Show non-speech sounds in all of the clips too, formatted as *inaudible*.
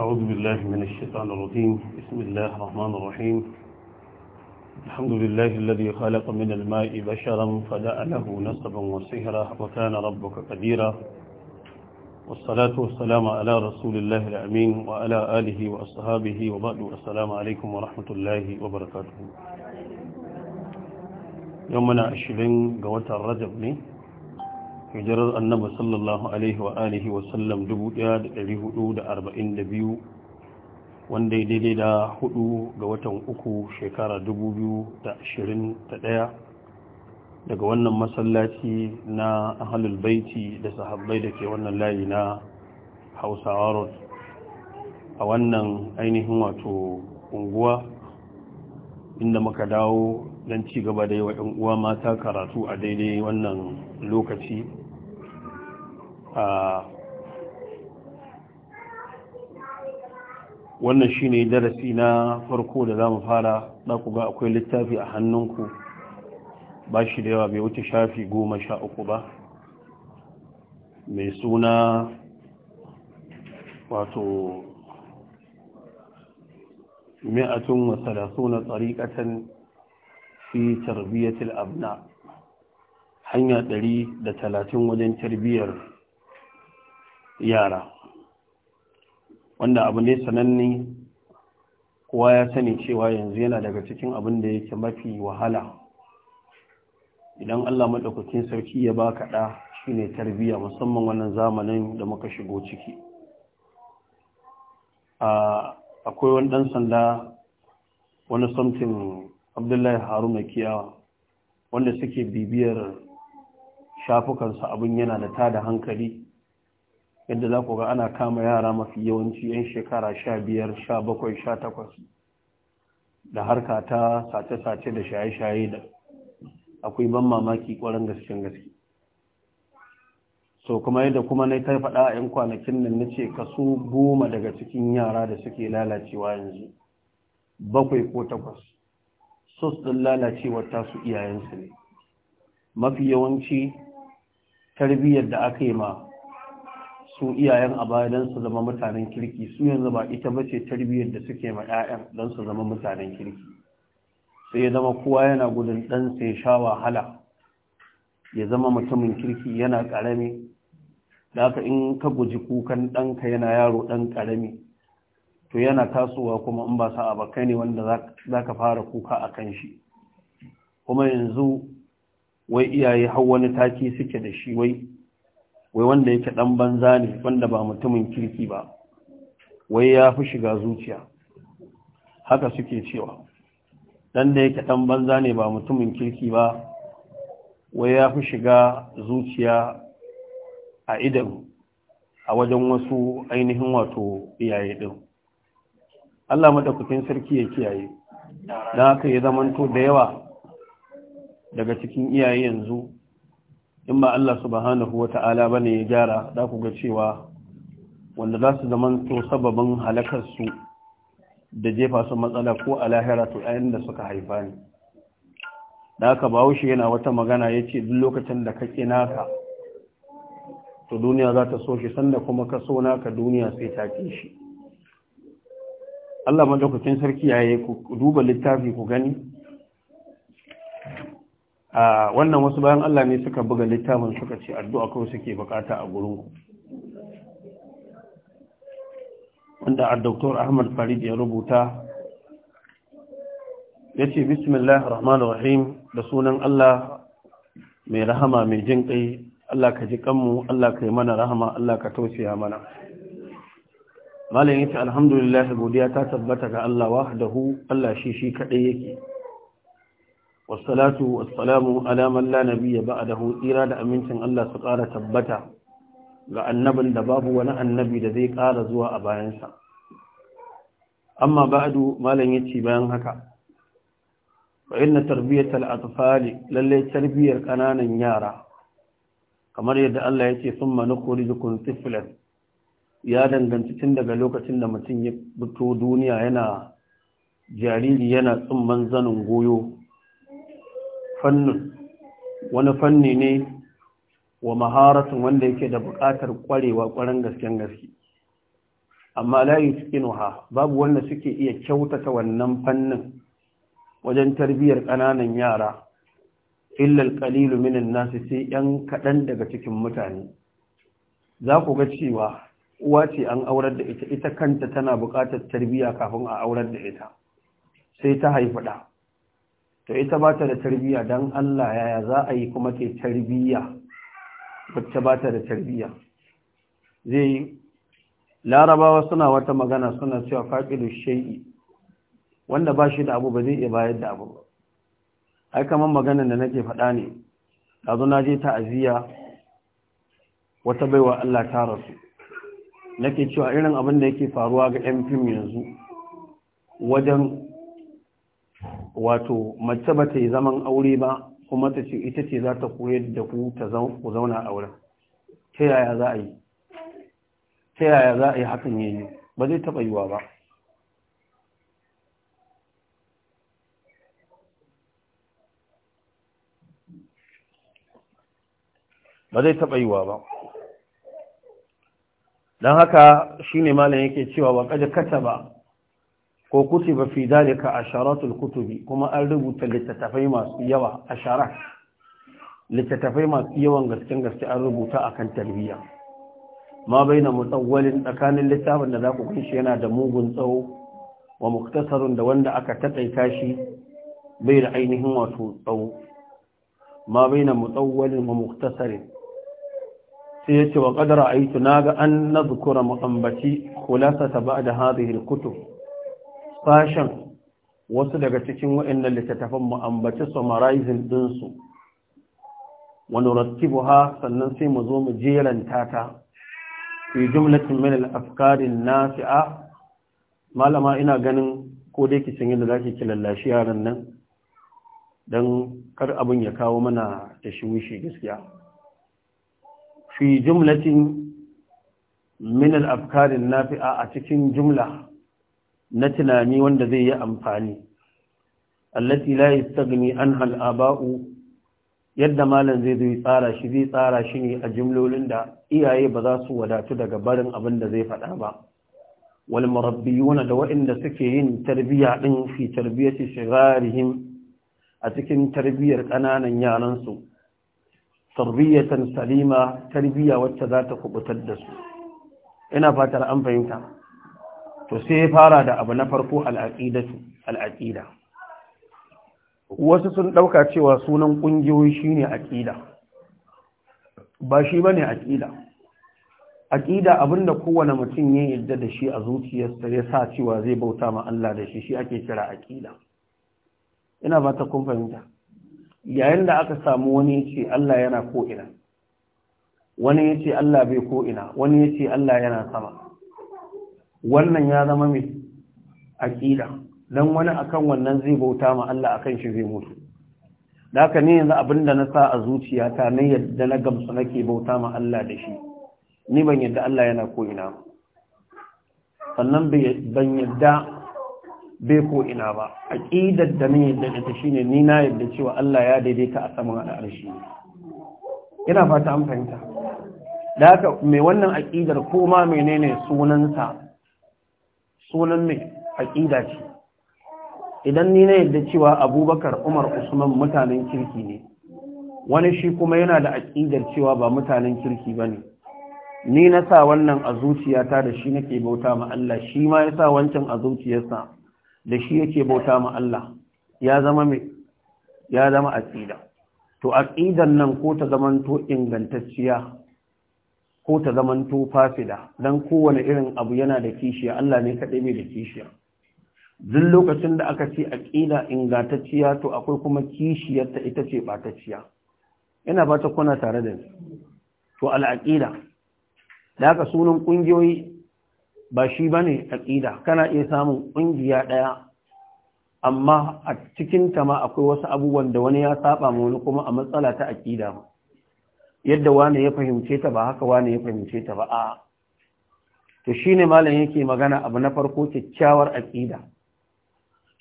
أعوذ بالله من الشيطان الرجيم بسم الله الرحمن الرحيم الحمد لله الذي خلق من الماء بشرا فداء له نسبا وسهرا وكان ربك قديرا والصلاة والسلام على رسول الله الأمين وعلى آله وأصحابه وبعد السلام عليكم ورحمة الله وبركاته يومنا عشرين قوة الرجب hijirar annabi sallallahu alaihi wa alihi wa 1442 wanda ya daidai da hudu ga watan uku shekara 2021 daga wannan masallaci na ahalul baiti da sahabbai da ke wannan layi na hausawa road a wannan ainihin wato unguwa inda muka dawo don ci gaba da yan uwa mata karatu a daidai wannan lokaci wannan shi ne darasi na farko da za mu fara ku ga akwai littafi a hannunku ba shi da yawa bai wuce shafi goma sha uku ba mai suna wato mi'atun wasu na tsarikatan fi tarbiyyatul abna hanya ɗari da talatin wajen tarbiyyar yara wanda abu ne sananne kowa ya sani cewa yanzu yana daga cikin abin da yake mafi wahala idan allah maɗaukakin sarki ya ba kaɗa shi ne tarbiyya musamman wannan zamanin da muka shigo ciki akwai wani ɗan sanda wani samtin abdullahi haruna kiyawa wanda suke bibiyar shafukansa abin yana da tada hankali yadda za ku ga ana kama yara mafi yawanci 'yan shekara sha biyar sha bakwai da harka ta sace-sace da shaye-shaye da akwai ban mamaki kwarin gaskiyar gaske so kuma yadda kuma na ta faɗa a 'yan kwanakin nan na ce kaso goma daga cikin yara da suke lalacewa yanzu bakwai ko takwas sos ɗin lalacewar tasu iyayensu ne mafi yawanci tarbiyyar da aka yi ma su iyayen a baya don su zama mutanen kirki su yanzu ba ita ba ce tarbiyyar da suke ma 'ya'yan don su zama mutanen kirki sai ya zama kowa yana gudun ɗansa ya sha wahala ya zama mutumin kirki yana ƙarami da haka in ka guji kukan ɗanka yana yaro ɗan ƙarami to yana tasowa kuma in ba sa abakai ne wanda za ka fara kuka a kan shi kuma yanzu wai iyaye har wani taki suke da shi wai wai wanda yake dan banza ne wanda ba mutumin kirki ba wai ya fi shiga zuciya haka suke cewa dan da yake ɗan banza ne ba mutumin kirki ba wai ya fi shiga zuciya a idan a wajen wasu ainihin wato iyaye ɗin. Allah madaukakin sarki ya kiyaye dan haka ya zamanto da yawa daga cikin iyaye yanzu in ba Allah subhanahu wa ta'ala ba ne ya gyara da ku ga cewa wanda za su to sababin halakarsu da jefa su matsala ko a lahira to a da suka haifa ne da aka bawushe yana wata magana ya ce duk lokacin da ka naka to duniya za ta so shi sanda kuma ka so naka duniya sai ta ke shi Allah madaukakin sarki ya yi ku duba littafi ku gani wannan wasu bayan Allah ne suka buga littafin suka ce addu'a kawai suke bukata a gurin ku wanda a Dr. Ahmad Farid ya rubuta ya ce bismillah rahman rahim da sunan Allah mai rahama mai jin ƙai Allah ka ji kanmu Allah ka yi mana rahama Allah ka tausaya mana malam yace alhamdulillah godiya ta tabbata ga Allah wahdahu Allah shi shi kadai yake wasalatu wasalamu ala ya ba a ba'dahu tsira da amincin Allah su ƙara tabbata ga annabin da babu wani annabi da zai ƙara zuwa a bayansa. sa amma ba'du malam yace bayan haka fa inna tarbiyatal atfal lalle tarbiyar kananan yara kamar yadda Allah yake summa nukhrijukum tiflan ya danganci tun daga lokacin da mutum ya fito duniya yana jariri yana tsumman zanin goyo fannin wani fanni ne wa maharatun wanda yake da buƙatar ƙwarewa ƙwarin gasken gaske amma layi tsinuha babu wanda suke iya kyautata wannan fannin wajen tarbiyyar ƙananan yara illal ƙalilu minin nasu sai yan kaɗan daga cikin mutane za ku ga cewa uwa ce an aurar da ita ita kanta tana buƙatar tarbiyya kafin a aurar da ita sai ta haifi ɗa to ita ba ta da tarbiyya don Allah yaya za a yi kuma ke tarbiyya wacce ba ta da tarbiyya zai larabawa suna wata magana suna cewa faƙilu shai'i wanda ba shi da abu ba zai iya bayar da abu ba ai kamar maganar da nake faɗa ne ɗazu na je ta'aziyya wata baiwa Allah ta rasu nake cewa irin abin da yake faruwa ga 'yan fim yanzu wajen wato mace ba ta yi zaman aure ba kuma ta ce ita ce za ta koyar da ku ta zauna a wurin ta yaya za a yi ta yaya za a yi hakan yayi ba zai taɓa yiwa ba ba zai taɓa yiwa ba don haka shi ne malam yake cewa ba kaji kata ba ko ba fi dalika asharatul kutubi kuma an rubuta littattafai masu yawa a ashara littattafai masu yawan gasken gaske an rubuta a kan tarbiyya ma bai baina mutawwalin tsakanin littafin da za ku kunshi yana da mugun tsawo wa muktasarun da wanda aka takaita shi bai da ainihin wato tsawo ma bai baina mutawwalin wa muktasarin sai ya ce wa qadara aitu ga an nadhkura mu'ambati khulasata ba'da hadhihi al-kutub sashen wasu daga cikin waɗannan littattafan mu ambaci summarizing ɗinsu wani rattibu ha sannan sai mu zo mu jeranta ta fi jumlatin min al-afkarin nasi'a malama ina ganin ko dai ki yadda zaki ki lallashi yaran nan dan kar abin ya kawo mana tashwishi gaskiya fi jumlatin min al-afkarin nafi'a a cikin jumla na tunani wanda zai yi amfani allati la yastagni anha al-aba'u yadda malam zai zai tsara shi zai tsara shi ne a jimlolin da iyaye ba za su wadatu daga barin abin da zai faɗa ba wal murabbiyuna da waɗanda suke yin tarbiyya din fi tarbiyati shigarihim a cikin tarbiyyar ƙananan yaran su tarbiyatan salima tarbiyya wacce za ta kubutar da su ina fatar an fahimta to sai ya fara da abu na farko al'aqidatu al'aqida wasu sun ɗauka cewa sunan ƙungiyoyi shine aƙida ba shi ba ne aƙida aƙida abinda kowane mutum ya yarda da shi a zuciyarsa ya sa cewa zai bauta ma Allah da shi shi ake kira aƙida ina ba ta kun fahimta yayin da aka samu wani ya ce Allah yana ko'ina wani ya ce Allah bai ko'ina wani ya ce Allah yana sama wannan ya zama mai aƙida don wani akan wannan zai bauta ma Allah akan shi zai mutu da haka ne yanzu abin da na sa a zuciyata na yadda na gamsu nake bauta ma Allah da shi ni ban yadda Allah yana ko'ina ba sannan ban yadda bai ko'ina ba aƙidar da ni yadda da ta ne, ni na yadda cewa Allah ya daidaita a saman al'arshi ina fata an fahimta da haka mai wannan aƙidar ko ma menene sunansa sunan mai aƙida ce idan ni na yadda cewa abubakar umar usman mutanen kirki ne wani shi kuma yana da aƙidar cewa ba mutanen kirki ba ne ni na sa wannan a zuciyata da shi nake bauta ma Allah shi ma ya sa wancan a zuciyarsa da shi yake bauta ma Allah ya zama mai ya zama aƙida to aƙidar nan ko ta zamanto ingantacciya ko ta zaman zamanto fasida dan kowane irin abu yana da kishiya Allah ne kaɗai bai da kishiya duk lokacin da aka ce aƙida ingantacciya to akwai kuma kishiyarta ita ce ɓatacciya ina ba ta kuna tare da to al'aƙida da sunan ƙungiyoyi ba shi ba ne aƙida kana iya samun ƙungiya ɗaya amma a cikinta ma akwai wasu abubuwan da wani ya saba ma wani kuma a matsala ta aƙida yadda wani ya fahimce ta ba haka wani ya fahimce ta ba a to shine malam yake magana abu na farko kyakkyawar aqida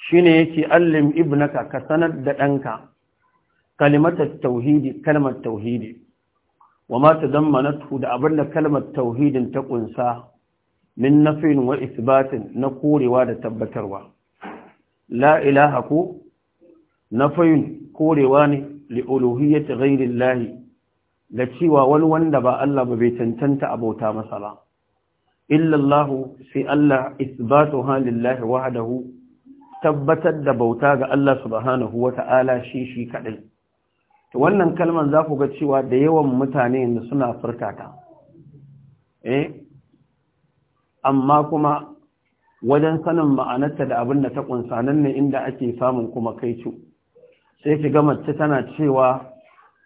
shine yake allim ibnaka ka sanar da ɗanka. kalimatat tauhidi kalmar tauhidi wa ma manatu da abinda kalmar tauhidin ta ƙunsa. min nafin wa isbatin na korewa da tabbatarwa la ilaha ku nafayin korewa ne li uluhiyyati gairillahi. da cewa wani wanda ba Allah ba bai cancanta abota masa ba illallahu sai Allah isbatu halillahi wahdahu tabbatar da bauta ga Allah subhanahu wata'ala shi shi kadai to wannan kalman za ku ga cewa da yawan mutane da suna furta ta eh amma kuma wajen sanin ma'anarta da abin da ta kunsa nan ne inda ake samun kuma kaicu sai ki ga mace tana cewa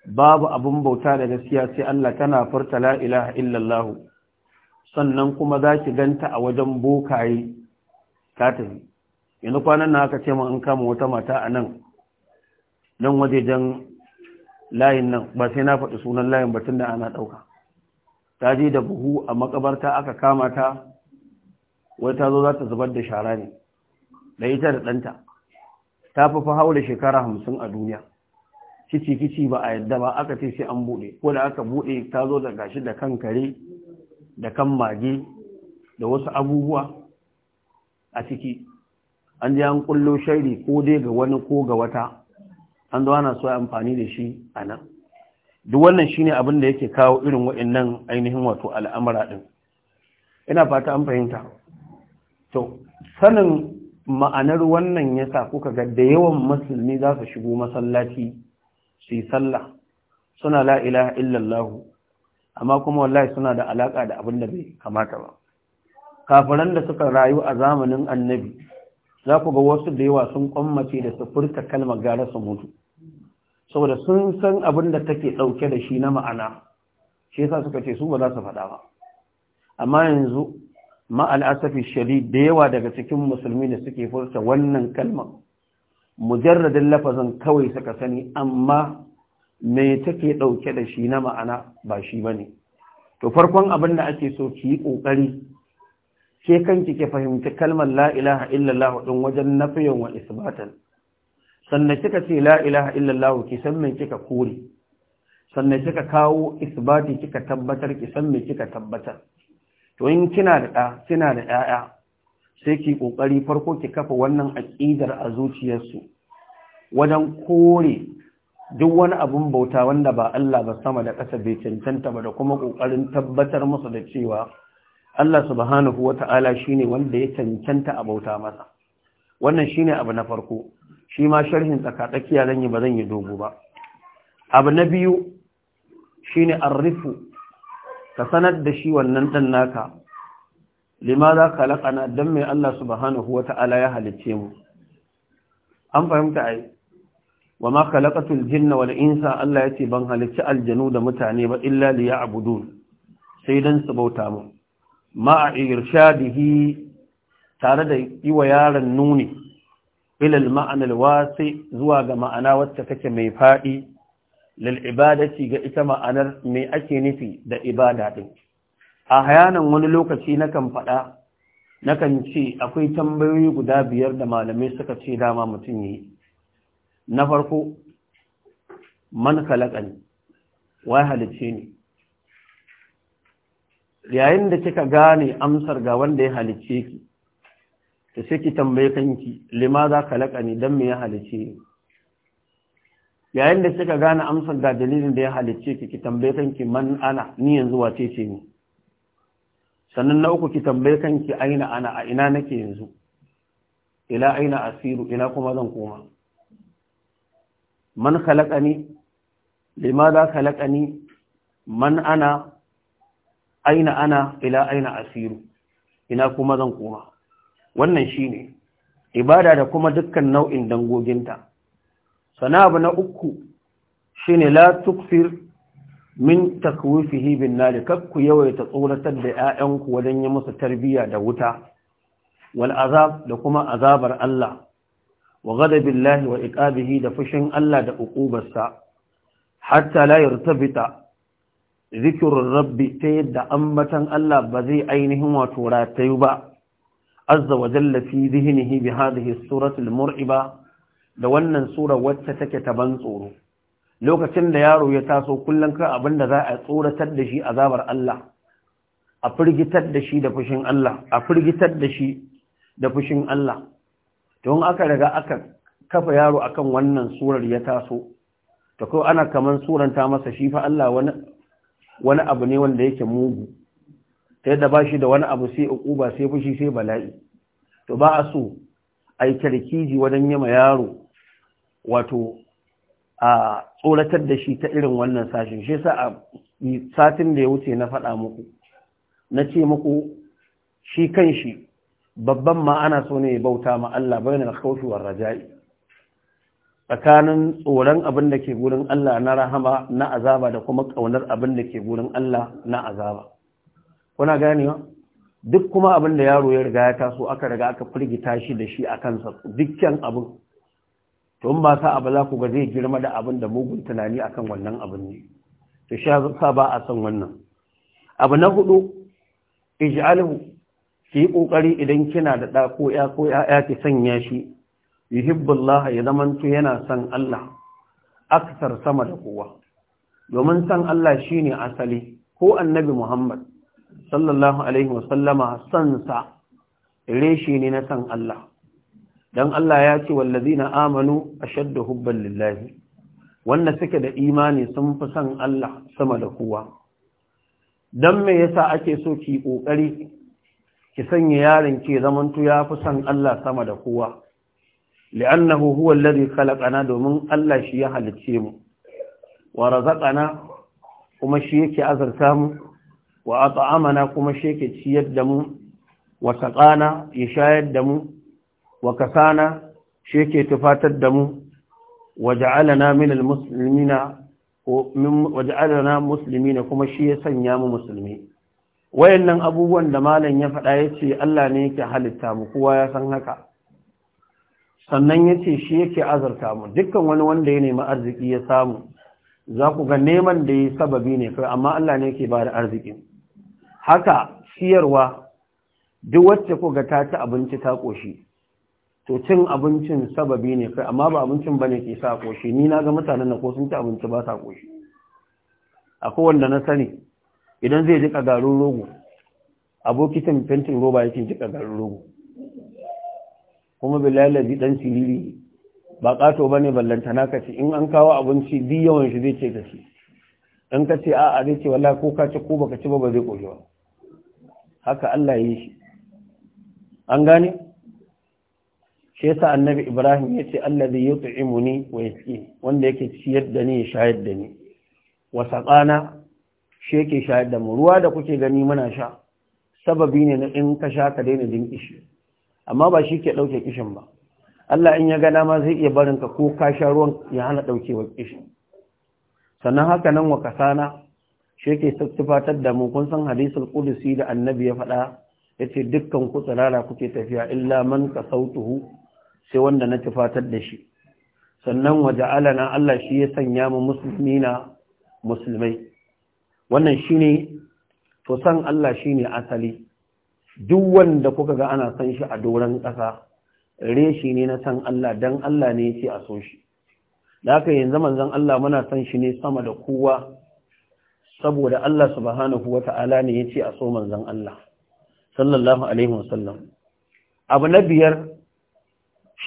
babu abun bauta da gaskiya sai Allah tana furta la ilaha illallah sannan kuma za ki ganta a wajen bokaye ta tafi yanzu kwanan na aka ce ma an kama wata mata a nan nan wajejen layin nan ba sai na faɗi sunan layin ba tunda ana ɗauka ta je da buhu a makabarta aka kama ta wai ta zo za ta zubar da shara ne da ita da ɗanta ta fi fa haure shekara hamsin a duniya kici kici ba a yadda ba aka ce sai an buɗe ko da aka buɗe ta zo da gashi da kan kare da kan mage da wasu abubuwa a ciki an ji an kullo shari ko dai ga wani ko ga wata an zo ana so amfani da shi a nan duk wannan shine abin da yake kawo irin waɗannan ainihin wato al'amura din. ina fata an fahimta to sanin ma'anar wannan yasa kuka ga da yawan musulmi za su shigo masallaci su sallah suna la ilaha illallahu amma kuma wallahi suna da alaka da abin da bai kamata ba kafiran da suka rayu a zamanin annabi za ku ga wasu da yawa sun kwammace da su furta kalmar gara su mutu saboda sun san abin da take ɗauke da shi na ma'ana shi yasa suka ce su ba za su faɗa ba amma yanzu ma al'asafi shari da yawa daga cikin musulmi da suke furta wannan kalmar mujarradin lafazin kawai suka sani amma me take ɗauke da shi na ma'ana ba shi ba ne to farkon abin da ake so ki yi ƙoƙari ke kanki ke fahimci kalmar la'ilaha illallah ɗin wajen nafiyan wa isbatan sannan kika ce la'ilaha illallah ki san me kika kore sannan kika kawo isbati kika tabbatar ki san me kika tabbatar to in kina da ɗa kina da 'ya'ya sai ki kokari farko ki kafa wannan aqidar a zuciyarsu wajen kore duk wani abun bauta wanda ba Allah ba sama da ƙasa bai cancanta ba da kuma kokarin tabbatar masa da cewa Allah subhanahu wata'ala shine wanda ya cancanta a bauta masa wannan shine abu na farko shi ma sharhin tsakatsakiya zan yi ba zan yi dogo ba abu na biyu shine arrifu ka sanar da shi wannan dan naka limaza kalakana dan mai Allah subhanahu wata'ala ya halicce mu an fahimta ai wa ma khalaqatul jinna wal insa Allah ya ce ban halicci aljanu da mutane ba illa liya'budun sai dan su bauta mu ma irshadihi tare da yi wa yaron nuni ilal ma'anar wasi zuwa ga ma'ana wacce take mai faɗi lil ibadati ga ita ma'anar mai ake nufi da ibada din a hayanan wani lokaci na kan faɗa kan ce akwai tambayoyi guda biyar da malamai suka ce dama mutum yi na farko man kalakan wai halice ne yayin da kika gane amsar ga wanda ya halice ki ta sai ki tambaye kanki lima za kalakani don me ya halice ni yayin da kika gane amsar ga dalilin da ya halice ki ki tambaye kanki man ana ni yanzu wace ce ni sannan na uku ki tambaye kanki aina ana a ina nake yanzu ila aina asiru ina kuma zan koma man khalaqani limadha khalaqani man ana aina ana ila aina asiru ina kuma zan koma wannan shine ibada da kuma dukkan nau'in dangoginta sana abu na uku shine la tukfir min takwifihi bin nari kakku yawaita tsoratar da 'ya'yanku wajen yi masa tarbiyya da wuta wal azab da kuma azabar Allah wa ghadabil lahi wa iqabihi da fushin Allah da uqubarsa hatta la yartabita zikrul rabbi ta yadda ambatan Allah ba zai ainihin wato ratayu ba azza wa jalla fi dhihnihi bi hadhihi suratul mur'iba da wannan sura wacce take taban tsoro lokacin da yaro ya taso kullum kan abin da za a tsoratar da shi azabar Allah a firgitar da shi da fushin Allah a firgitar da shi da fushin Allah don aka riga aka kafa yaro akan wannan surar ya taso ta ko ana kaman suranta masa shi fa Allah wani wani abu ne wanda yake mugu ta yadda ba da wani abu sai uquba sai fushi sai bala'i to ba a so ai kirkiji wajen yima yaro wato a tsoratar da shi ta irin wannan sashen shi sa a satin da ya wuce na faɗa muku na ce muku shi kan shi babban ma ana so ne bauta ma Allah bai na war raja'i tsakanin tsoron abin da ke gurin Allah na rahama na azaba da kuma ƙaunar abin da ke gurin Allah na azaba kuna ganewa duk kuma abin da yaro ya riga ya taso aka riga aka firgita shi da shi a kansa dukkan abin to in ba sa abu za ku ga zai girma da abin da mugun tunani akan wannan abin ne to sha sa ba a san wannan abu na hudu ij'alhu ki yi kokari idan kina da ɗa ko ya ko ya ki sanya shi yuhibbullah ya zamanto yana san Allah aksar sama da kowa domin san Allah shi ne asali ko annabi Muhammad sallallahu alaihi wasallama san sa reshi ne na san Allah dan Allah ya ce wallazi na amanu shadda hubban lillahi wanda suke da imani sun fi son Allah sama da kowa dan me yasa ake so ki ƙoƙari ki sanya yaron ke zamantu ya fi son Allah sama da kowa li'annahu huwa alladhi khalaqana domin Allah shi ya halicce mu wa razaqana kuma shi yake azarta mu wa at'amana kuma shi yake ciyar da mu wa saqana ya shayar da mu wa kasana shi yake tufatar da mu waja'alana min almuslimina waja'alana muslimina kuma shi ya sanya mu musulmi wayannan abubuwan da malam ya faɗa yace Allah ne yake halitta mu kowa ya san haka sannan yace shi yake azurta mu dukkan wani wanda ya nemi arziki ya samu za ku ga neman da ya sababi ne kai amma Allah ne yake bada arziki haka siyarwa duk wacce ku ga ta ci abinci ta koshi to cin abincin sababi ne kai amma ba abincin bane ke sa koshi ni na ga mutanen na ko sun ci abinci ba sa koshi akwai wanda na sani idan zai jika garin rogo bokitin fentin roba yake jika garin rogo kuma bilalazi dan siriri ba kato bane ballantana ka ci in an kawo abinci bi yawan shi zai ce ka ci dan ka ce a'a zai ce wallahi ko ka ci ko baka ci ba ba zai koshi ba haka Allah ya yi shi an gane shi yasa annabi ibrahim ya ce allazi yut'imuni wa yasqini wanda yake ciyar da ni ya shayar da ni wa saqana shi yake shayar da mu ruwa da kuke gani muna sha sababi ne na in ka sha ka daina jin kishi amma ba shi ke dauke kishin ba Allah in ya ga dama zai iya barin ka ko ka sha ruwan ya hana daukewar kishin sannan haka nan wa kasana shi yake sattufatar da mu kun san hadisul qudsi da annabi ya faɗa yace dukkan ku tsirara kuke tafiya illa man kasautuhu sai wanda na tufatar da shi sannan waje alana Allah shi ya sanya mu musulmi na musulmai wannan shi ne to san Allah shi ne asali duk wanda kuka ga ana san shi a doron ƙasa reshi ne na san Allah don Allah ne ce a so shi da yin yanzu zan Allah muna san shi ne sama da kowa saboda Allah subhanahu Ta'ala ne ya ce a so manzan Allah sallallahu alaihi wasallam abu na biyar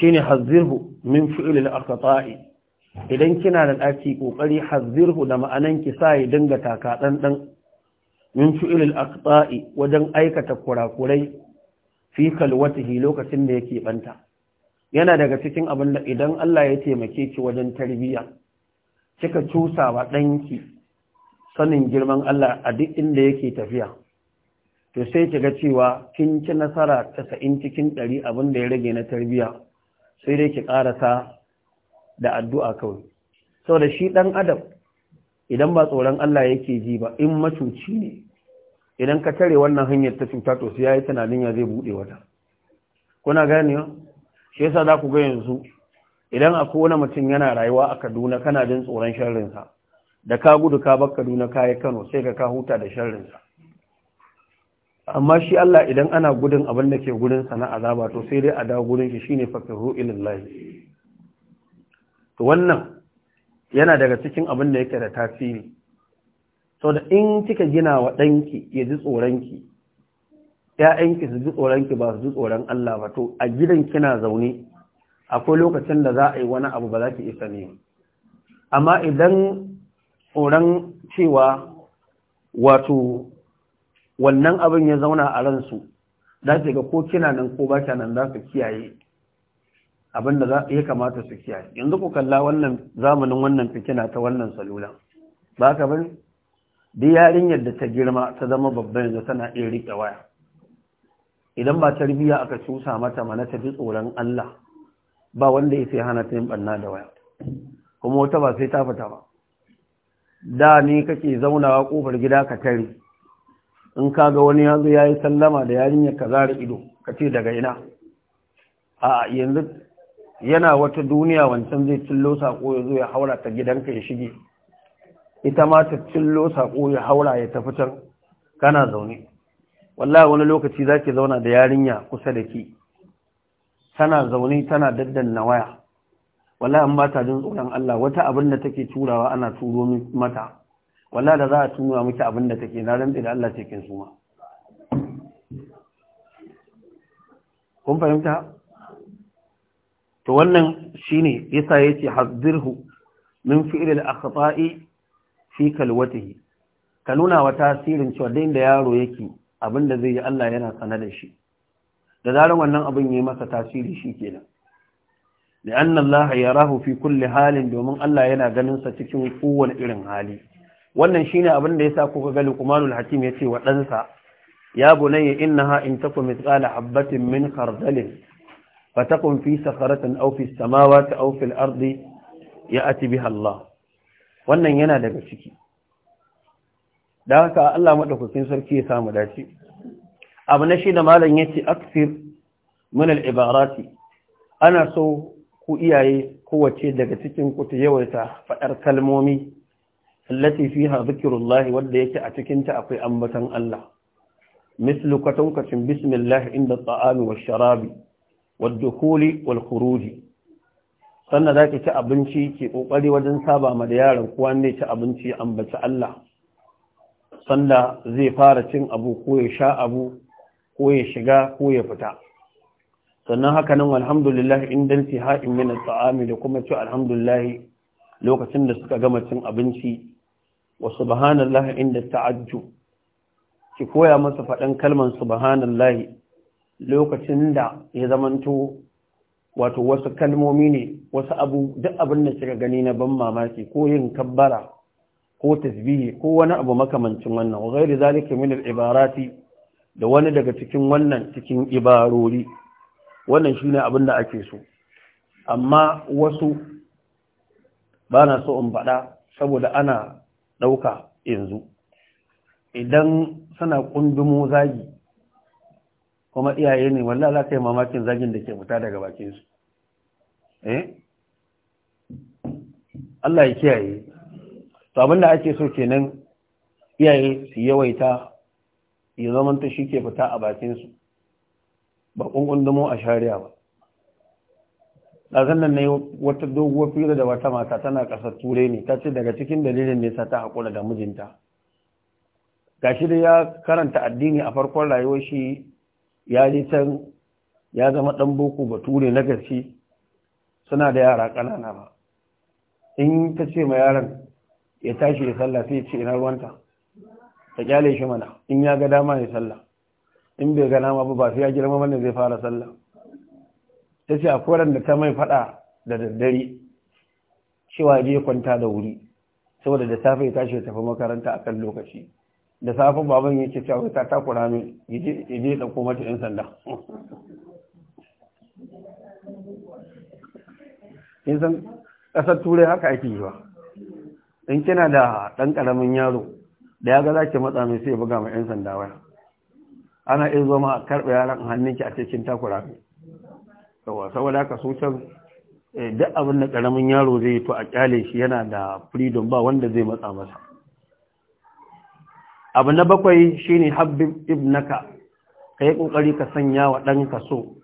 shine hazzirhu min fi'l al-aqta'i idan kina da daki kokari hazzirhu da ma'anan ki sa ya dinga taka dan dan min fi'l al-aqta'i wajen aikata kurakurai fi kalwatihi lokacin da yake banta yana daga cikin abin da idan Allah ya taimake ki wajen tarbiyya kika cusa wa danki sanin girman Allah a duk inda yake tafiya to sai kiga cewa kin ci nasara 90 cikin 100 abin da ya rage na tarbiyya sai dai ki karasa da addu'a kawai saboda shi ɗan adam idan ba tsoron Allah yake ji ba in macuci ne idan ka tare wannan hanyar ta cuta to sai yayi tunanin ya zai buɗe wata kuna ganewa shi yasa za ku ga yanzu idan a wani mutum yana rayuwa a Kaduna kana jin tsoron sharrinsa da ka gudu ka bar Kaduna ka yi Kano sai ka ka huta da sharrinsa amma shi Allah idan ana gudun abin da ke gudun sana azaba to sai dai a dawo gudun shi shine fakiru ilallahi to wannan yana daga cikin abin da yake da tasiri sau da in kika gina wa ɗanki ya ji tsoronki ‘ya'yanki su ji tsoronki ba su ji tsoron Allah ba to a gidan kina zaune akwai lokacin da za a yi wani abu ba za ki isa ne amma idan tsoron cewa wato wannan abin ya zauna a ransu za su ga ko kina nan ko ba nan za su kiyaye abin da ya kamata su kiyaye yanzu ku kalla wannan zamanin wannan fikina ta wannan salula ba ka bin da yarinyar da ta girma ta zama babban yanzu tana iya rike waya idan ba tarbiyya aka cusa mata mana ta bi tsoron Allah ba wanda ya sai hana ta yin banna da waya kuma wata ba sai ta fita ba da ne kake zaunawa kofar gida ka tare in ka ga wani ya zo ya yi sallama da yarinyar ka zara ido ka ce daga ina a yanzu yana wata duniya wancan zai cillo saƙo ya zo ya haura ta gidanka ya shige ita ma ta cillo saƙo ya haura ya tafi can kana zaune wallahi wani lokaci za ki zauna da yarinya kusa da ki tana zaune tana daddan na waya wallahi an ba ta jin tsoron Allah wata abin da take turawa ana turo mata wallahi da za a tunuwa miki abin da take na rantsi da Allah sai kin suma kun fahimta to wannan shine yasa yace hazirhu min fi'l al-akhta'i fi kalwatihi ka nuna wa tasirin cewa da inda yaro yake abin da zai yi Allah yana sana da shi da zaran wannan abin yayi masa tasiri shikenan لأن الله يراه في kulle halin, domin Allah yana ganin sa cikin kowane irin hali wannan shine abin da yasa kuka ga Luqmanul Hakim yace wa ɗansa ya bunayya innaha in takum mithqala habatin min khardalin fatakun fi sakharatin aw fi samawati aw fil ardi ya'ti biha Allah wannan yana daga ciki da haka Allah madaukakin sarki ya samu dace abu na shida malam yace aksir min al ibarati ana so ku iyaye kowace daga cikin ku ta yawaita faɗar kalmomi allati fiha zikrullahi wanda ci a cikin ta akwai ambatan Allah mislu katankacin bismillah inda ta'ami wa sharabi wad dukhuli wal sannan zaki ci abinci ke ƙoƙari wajen saba ma da yaron kuwa ne ci abinci ambaci Allah sanda zai fara cin abu ko ya sha abu ko ya shiga ko ya fita sannan haka nan alhamdulillah inda intihai ha'in mina tsa'ami da kuma ci alhamdulillah lokacin da suka gama cin abinci wa subhanallahi inda ta'ajju ki koya masa faɗan kalman subhanallahi lokacin da ya zamanto wato wasu kalmomi ne wasu abu duk abin da kika gani na ban mamaki ko yin kabbara ko tasbihi ko wani abu makamancin wannan wa ghairi zalika min al-ibarati da wani daga cikin wannan cikin ibarori wannan shine abin da ake so amma wasu ba na so in bada saboda ana ɗauka yanzu idan suna ƙundumo zagi kuma iyaye ne wallah za ka yi mamakin zagin da ke fita daga bakinsu eh Allah ya kiyaye to abinda ake so kenan iyaye su yawaita ya ta shi ke fita a bakinsu ba ƙungundumo a shari'a ba ɗazan nan ne wata doguwar fira da wata mata tana ƙasar turai ne ta ce daga cikin dalilin nesa ta haƙura da mijinta ga shi da ya karanta addini a farkon rayuwar shi ya yi can ya zama ɗan boko ture na gaske suna da yara ƙanana ba in ta ce ma yaron ya tashi ya sallah sai ce ina ruwanta ta kyale shi mana in ya ga dama ya sallah in bai ga dama ba ba sai ya girma mana zai fara sallah ta ce akwai da ta mai faɗa da daddare cewa je kwanta da wuri saboda da safe ta tashi tafi makaranta a kan lokaci da safe baban yake cewa ta takura min ya je ɗauko mata 'yan sanda *laughs* in san ƙasar turai haka ake yi ba in kina da ɗan ƙaramin yaro da ya ga za ki matsa mai sai buga mai 'yan sanda waya ana iya zama a karɓe yaran hannunki a cikin takura yawa saboda haka so can eh, duk abin da karamin yaro zai to a kyale shi yana da freedom ba wanda zai matsa masa abu na bakwai shine habib ibnaka kai kokari ka sanya wa ka so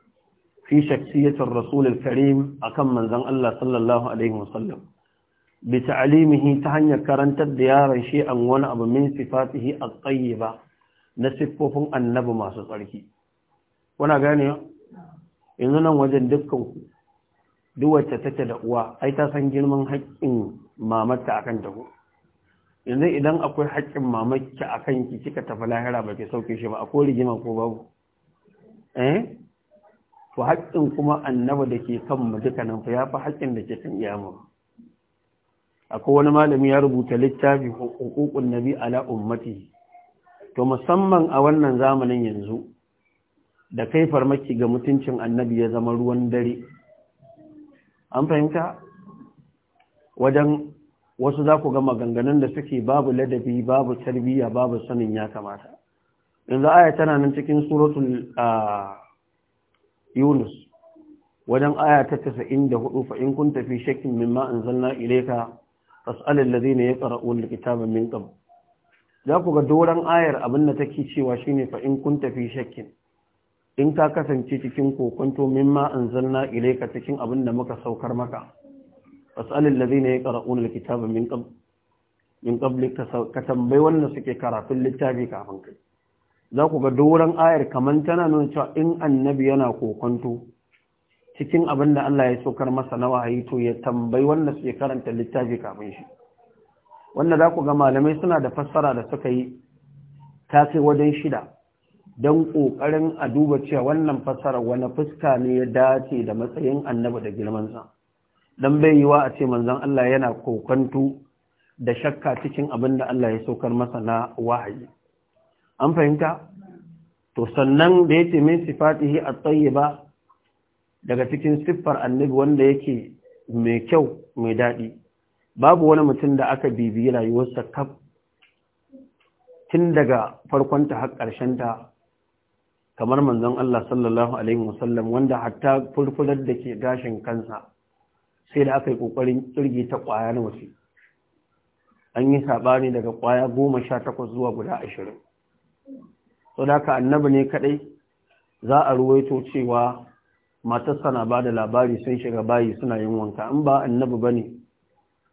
fi shakhsiyatir rasulul karim akan manzon Allah sallallahu alaihi wasallam bi ta'limihi ta hanyar karantar da yaron shi an wani abu min sifatihi at-tayyiba na siffofin annabi masu tsarki kuna gane. yanzu nan wajen dukkan ku duk wacce take da uwa ai ta san girman haƙƙin mamarta akan ta ko yanzu idan akwai haƙƙin mamarki akan ki kika tafi lahira ba ke sauke shi ba a ko rigima ko babu eh to haƙƙin kuma annaba da ke kan mu dukkanin fa yafi haƙƙin da ke kan iyamu akwai wani malami ya rubuta littafi hukukun nabi ala ummati to musamman a wannan zamanin yanzu da kai farmaki ga mutuncin annabi ya zama ruwan dare an fahimta wajen wasu za ku ga maganganun da suke babu ladabi babu tarbiyya babu sanin ya kamata yanzu aya tana nan cikin suratul yunus wajen aya ta min fa in kunta fi shakkin mimma zai ilayka fas'al alladhina yaqra'una alkitaba min qabl za ku ga doron ayar abin da take cewa shine fa in kun tafi in ka kasance cikin kokonto mimma ile ka cikin abin da muka saukar maka fasalil ladina yaqra'una alkitaba min qabl min qablik ka tambayi wanda suke karatun littafi kafin kai za ku ga doron ayar kaman tana nuna cewa in annabi yana kokonto cikin abin da Allah ya saukar masa na wahayi to ya tambayi wanda suke karanta littafi kafin shi wanda za ku ga malamai suna da fassara da suka yi ta sai wajen shida don ƙoƙarin a duba cewa wannan fasara wani fuska ne ya dace da matsayin annaba da girmansa don bai wa a ce manzon Allah yana kokantu da shakka cikin abin da Allah ya saukar masa na wahayi an fahimta to sannan da ce min a tsaye ba daga cikin siffar annabi wanda yake mai kyau mai daɗi babu wani mutum da aka bibiyi rayuwarsa kaf tun daga farkonta har ƙarshenta kamar manzon Allah sallallahu alaihi wasallam wanda hatta furfurar da ke gashin kansa sai da aka yi ƙoƙarin kirge ta kwaya na wasu an yi sabani daga ƙwaya goma sha takwas zuwa guda ashirin so da annabi ne kaɗai, za a ruwaito cewa matarsa na ba da labari sun shiga bayi suna yin wanka in ba annabi ba ne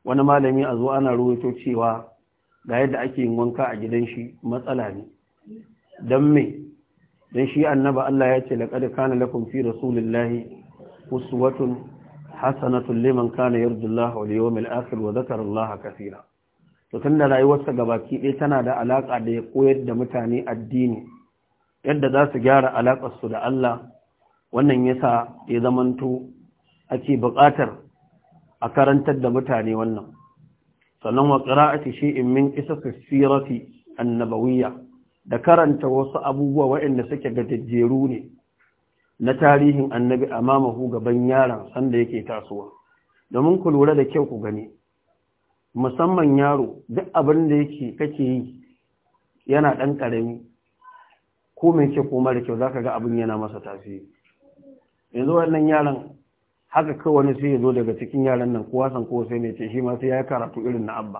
wani malami a zo ana ruwaito cewa ga yadda ake yin wanka a gidan shi matsala ne don me dan shi annaba Allah ya ce laqad kana lakum fi rasulillahi uswatun hasanatun liman kana yarjullaha wal yawmil akhir wa dhakara Allah kaseera to tunda rayuwarsa gabaki ɗaya tana da alaka da ya koyar da mutane addini yadda za su gyara alakar su da Allah wannan yasa ya zamanto ake buƙatar a karantar da mutane wannan sannan wa qira'ati shay'in min qisas as-sirati an da karanta wasu abubuwa waɗanda suke gajejjeru ne na tarihin annabi a mamahu gaban yaron sanda yake tasowa domin ku lura da kyau ku gani musamman yaro duk abin da yake kake yi yana ɗan ƙarami ko mai kyau koma da kyau za ka ga abin yana masa tasiri yanzu wannan yaron haka wani sai ya zo daga cikin yaran nan kowa san kowa sai mai ce shi ma sai ya karatu irin na abba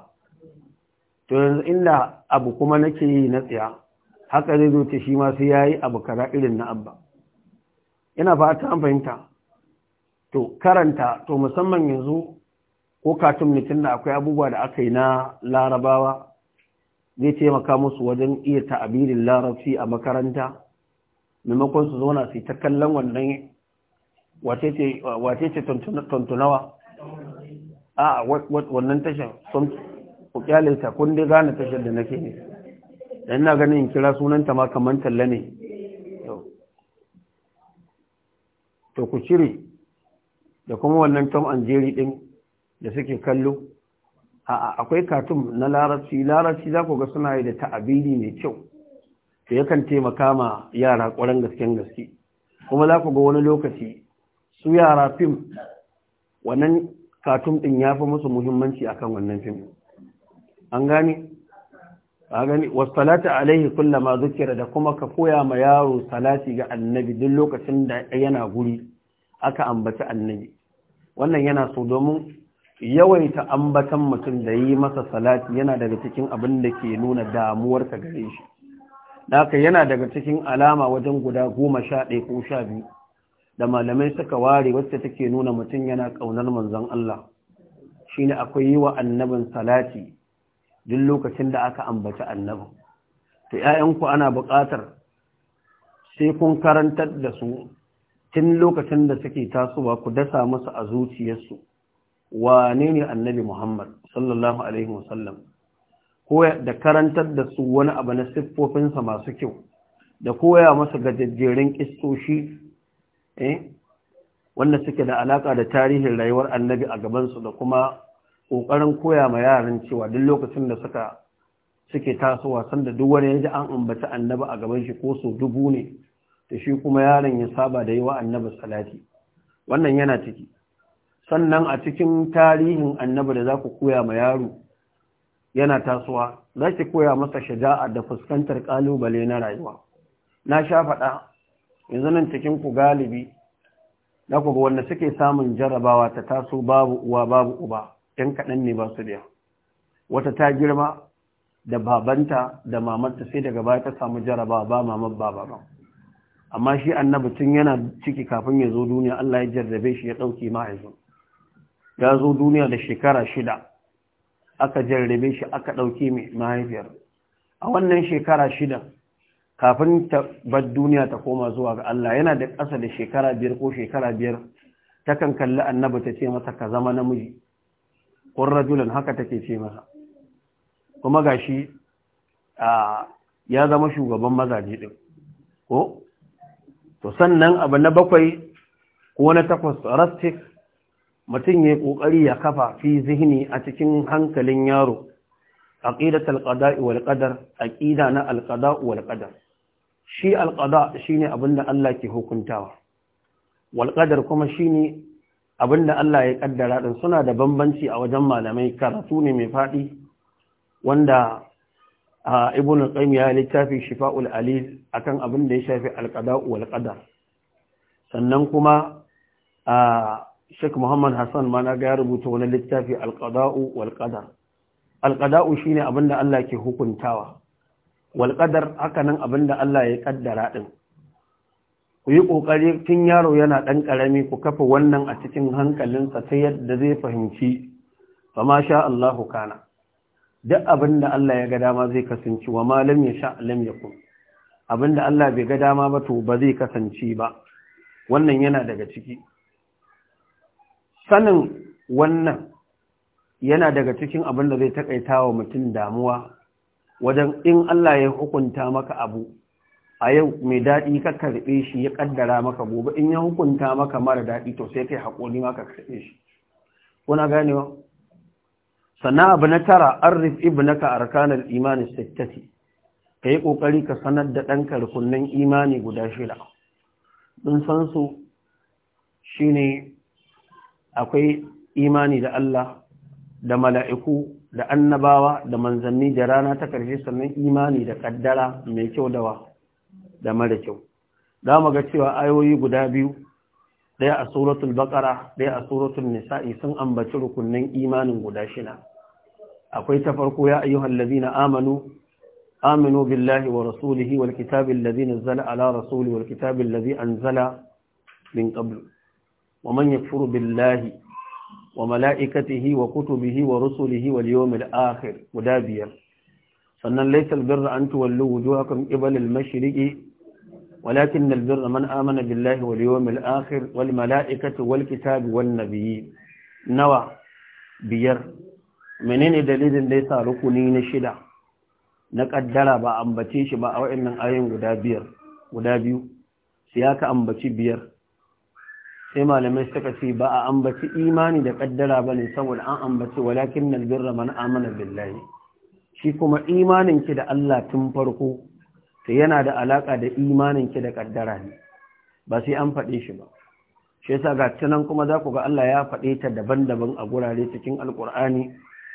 to yanzu inda abu kuma nake yi na tsaya haka zai zo ce shi ma sai yayi abu kaza irin na abba ina fata an fahimta to karanta to musamman yanzu ko katun mutum da akwai abubuwa da aka yi na larabawa zai taimaka musu wajen iya ta'abirin larabci a makaranta maimakon su zauna su ta kallon wannan wace ce tuntunawa a wannan tashar sun kun dai gane tashar da nake ne dan na ganin kira sunanta ma kaman talla ne to ku cire da kuma wannan tom and jerry din da suke kallo a'a akwai katun na larabci larabci za ku ga suna yi da ta'abiri mai kyau da yakan taimaka ma yara ƙwarar gasken gaske kuma za ku ga wani lokaci su yara fim wannan katun ɗin ya fi musu muhimmanci akan wannan fim an gane wasalata alaihi kullama zukira da kuma ka koya ma yaro salati ga annabi duk lokacin da yana guri aka ambaci annabi wannan yana so domin yawaita ambatan mutum da yi masa salati yana daga cikin abin da ke nuna damuwarsa gare shi haka yana daga cikin alama wajen guda goma sha ɗaya ko sha biyu da malamai suka ware wacce take nuna mutum yana ƙaunar manzon Allah shine akwai yi wa annabin salati duk lokacin da aka ambaci annabi to ƴaƴanku ana buƙatar sai kun karantar da su tun lokacin da suke tasowa ku dasa masu a zuciyarsu wane ne annabi Muhammad sallallahu Alaihi wasallam koya da karantar da su wani abu na siffofinsa masu kyau da koya masa gajajjerin ƙistoshi eh, wanda suke da alaƙa da tarihin rayuwar annabi a gabansu da kuma ƙoƙarin koya ma yaran cewa duk lokacin da suka suke tasowa sanda duk wani ya ji an ambaci annabi a gaban shi ko so dubu ne da shi kuma yaron ya saba da yawa annabi salati wannan yana ciki sannan a cikin tarihin annabi da za ku koya ma yaro yana tasowa za ki koya masa shaja'a da fuskantar kalubale na rayuwa na sha faɗa yanzu nan cikin ku galibi na ku ga wanda suke samun jarabawa ta taso babu uwa babu uba 'yan kaɗan ne ba su da wata ta girma da babanta da mamanta sai daga baya ta samu jaraba ba mamar baba ba amma shi annabi tun yana ciki kafin ya zo duniya Allah ya jarrabe shi ya ɗauki ma'aizu ya zo duniya da shekara shida aka jarrabe shi aka ɗauki mahaifiyar a wannan shekara shida kafin ta bar duniya ta koma zuwa ga Allah yana da ƙasa da shekara biyar ko shekara biyar takan kalli annabi ta ce masa ka zama namiji kun rajulan haka take ce masa kuma gashi ya zama shugaban mazaje din ko to sannan abu na bakwai ko na takwas rastik mutum ya ƙoƙari ya kafa fi zihni a cikin hankalin yaro aqidatul qada'i wal qadar aqida na al wal qadar shi al shine abinda Allah ke hukuntawa walƙadar qadar kuma shine abinda Allah ya kaddara din suna da bambanci a wajen malamai karatu ne mai faɗi wanda a ibn al-qayyim ya littafi shifa'ul alil akan abin da ya shafi al-qada'u wal qadar sannan kuma a Sheikh Muhammad Hassan ma na ga ya rubuta wani littafi al-qada'u wal qadar al-qada'u shine abin da Allah ke hukuntawa wal qadar haka nan abin da Allah ya kaddara din ku yi ƙoƙari tun yaro yana ɗan ƙarami ku kafa wannan a cikin hankalinsa ta yadda zai fahimci ba ma sha Allahu kana duk abin da Allah ya ga dama zai kasance wa malam ya sha ya yakun abin da Allah bai ga dama ba to ba zai kasance ba wannan yana daga ciki sanin wannan yana daga cikin abin da zai takaita wa mutum damuwa wajen in Allah ya hukunta maka abu a yau mai daɗi ka karɓe shi ya ƙaddara maka gobe in ya hukunta maka mara daɗi to sai kai haƙoni maka karɓe shi kuna ganewa sana abu na tara arif ibnaka arkanar imani sittati ka yi ƙoƙari ka sanar da ɗanka rukunnan imani guda shida mun san su shine akwai imani da Allah da mala'iku da annabawa da manzanni da rana ta ƙarshe sannan imani da ƙaddara mai kyau da wa da mara kyau da mu ga cewa ayoyi guda biyu ɗaya a suratul baqara ɗaya a suratul nisa'i sun ambaci rukunnan imanin guda shida akwai ta farko ya ayyuhal ladina amanu aminu billahi wa rasulihi wal kitabi alladhi nazzala ala rasuli wal kitabi alladhi anzala min qablu wa man yakfuru billahi wa mala'ikatihi wa kutubihi wa rusulihi wal yawmil akhir guda biyar sannan laysal birra an tuwallu wujuhakum qibala al mashriqi ولكن البر من آمن بالله واليوم الآخر والملائكة والكتاب والنبيين نوى بير منين دليل ليس ركنين شدة نقدر با أنبتيش با أو إن آيين غدا بير غدا بيو سياك أنبتي بير sai malamai suka ce ba a ambaci imani da kaddara ba ne saboda an ambaci walakin nalbirra man amana billahi shi kuma imaninki da Allah tun farko sai yana da alaƙa da imanin ki da kaddara ne ba sai an faɗe shi ba shi yasa ga tunan kuma za ku ga Allah ya faɗe ta daban-daban a gurare cikin alkur'ani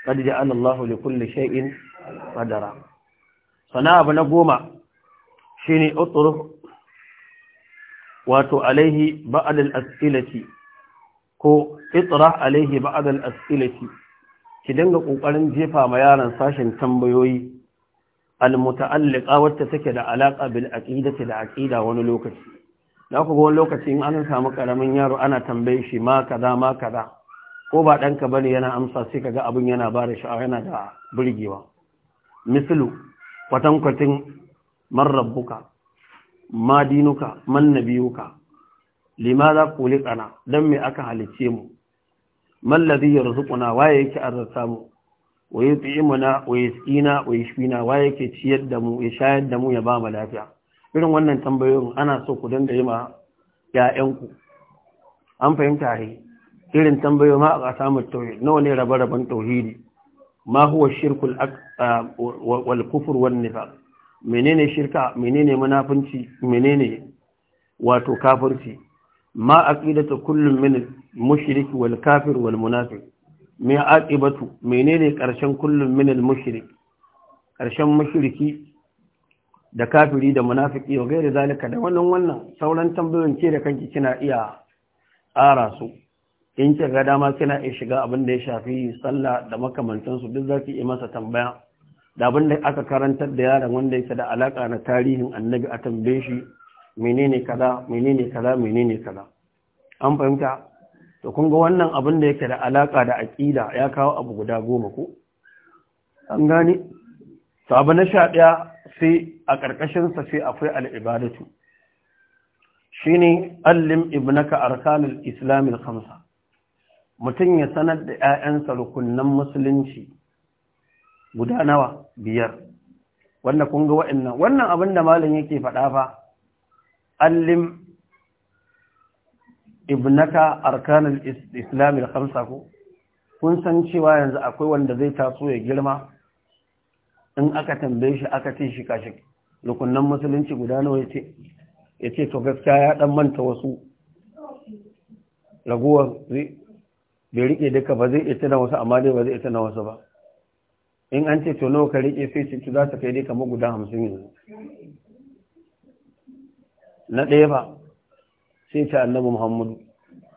qad ja'ala Allahu li kulli shay'in qadara sana abu na goma shine utruf wato alaihi ba'd al-as'ilati ko itra alaihi ba'd al-as'ilati ki dinga kokarin jefa ma yaran sashin tambayoyi muta'alliƙa ta take da alaƙa bil aƙida ce da aƙida wani lokaci na ku ga wani lokaci in an samu ƙaramin yaro ana tambaye shi ma kaza ma kaza ko ba ɗanka ba ne yana amsa sai ka ga abin yana ba da sha'awa yana da burgewa mislu kwatankwatin man madinuka ma dinuka man za limaza liƙana don me aka halicce mu man ladhi yarzuquna waye yake arzata mu wa imana wa yasqina waye yashfina wa yake ciyar da mu ya shayar da mu ya ba mu lafiya irin wannan tambayoyin ana so ku danda yi ma ku an fahimta ne irin tambayoyi ma a samu tauhid nawa ne rabe raben tauhidi ma huwa shirkul wal kufur wan nifaq menene shirka menene munafunci menene wato kafirci ma aqidatu kullum min mushrik wal kafir wal munafiq mai aƙibatu menene ƙarshen kullum minal mushrik ƙarshen mashiriki da kafiri da munafiki wa gairi zalika da wannan wannan sauran tambayoyin ce da kanki kina iya ƙara su in ce ga dama kina iya shiga abin da ya shafi sallah da makamantansu duk duk zaki iya masa tambaya da abin da aka karantar da yaron wanda yake da alaka na tarihin annabi a tambaye shi menene kaza menene kaza menene kaza an fahimta to kun ga wannan abin da yake da alaka da aqida ya kawo abu guda goma ko an gane to abu na sha daya sai a karkashin sa sai akwai al-ibadatu shine allim ibnaka arkanul islam al-khamsa mutum ya sanar da 'ya'yansa rukunnan musulunci guda nawa biyar Wannan kun ga wa'annan wannan abin da malam yake faɗa fa allim ibnaka arkanul islam al-khamsa ko kun san cewa yanzu akwai wanda zai taso ya girma in aka tambaye shi aka ce shi kashi rukunan musulunci guda nawa yace yace to gaskiya ya dan manta wasu raguwar bai rike duka ba zai ita na wasu amma dai ba zai ita na wasu ba in an ce to nawa ka rike sai ce za ta kai dai kamar guda hamsin yanzu na ɗaya ba sai ce annabi muhammadu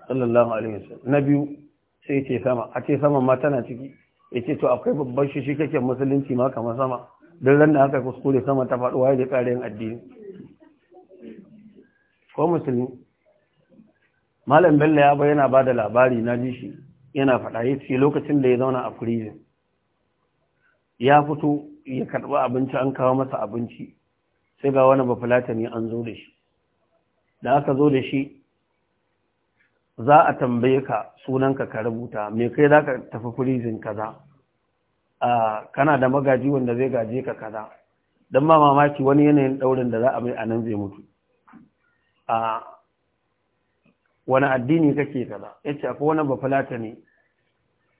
sallallahu alaihi wasallam na biyu sai ce sama a ce sama ma tana ciki ya ce to akwai babban shi kake musulunci ma kamar sama don ran da aka kuskure sama ta faɗuwa ya da ƙarin addini ko musulmi malam bello ya ba yana ba da labari na ji shi yana faɗa ya ce lokacin da ya zauna a prison ya fito ya karɓi abinci an kawo masa abinci sai ga wani bafulatani an zo da shi da aka zo da shi za a tambaye ka sunanka ka rubuta me kai za ka tafi firizin kaza kana da magaji wanda zai gaje ka kaza don ma mamaki wani yanayin ɗaurin da za a mai a nan zai mutu a wani addini kake kaza ya ce akwai wani bafalata ne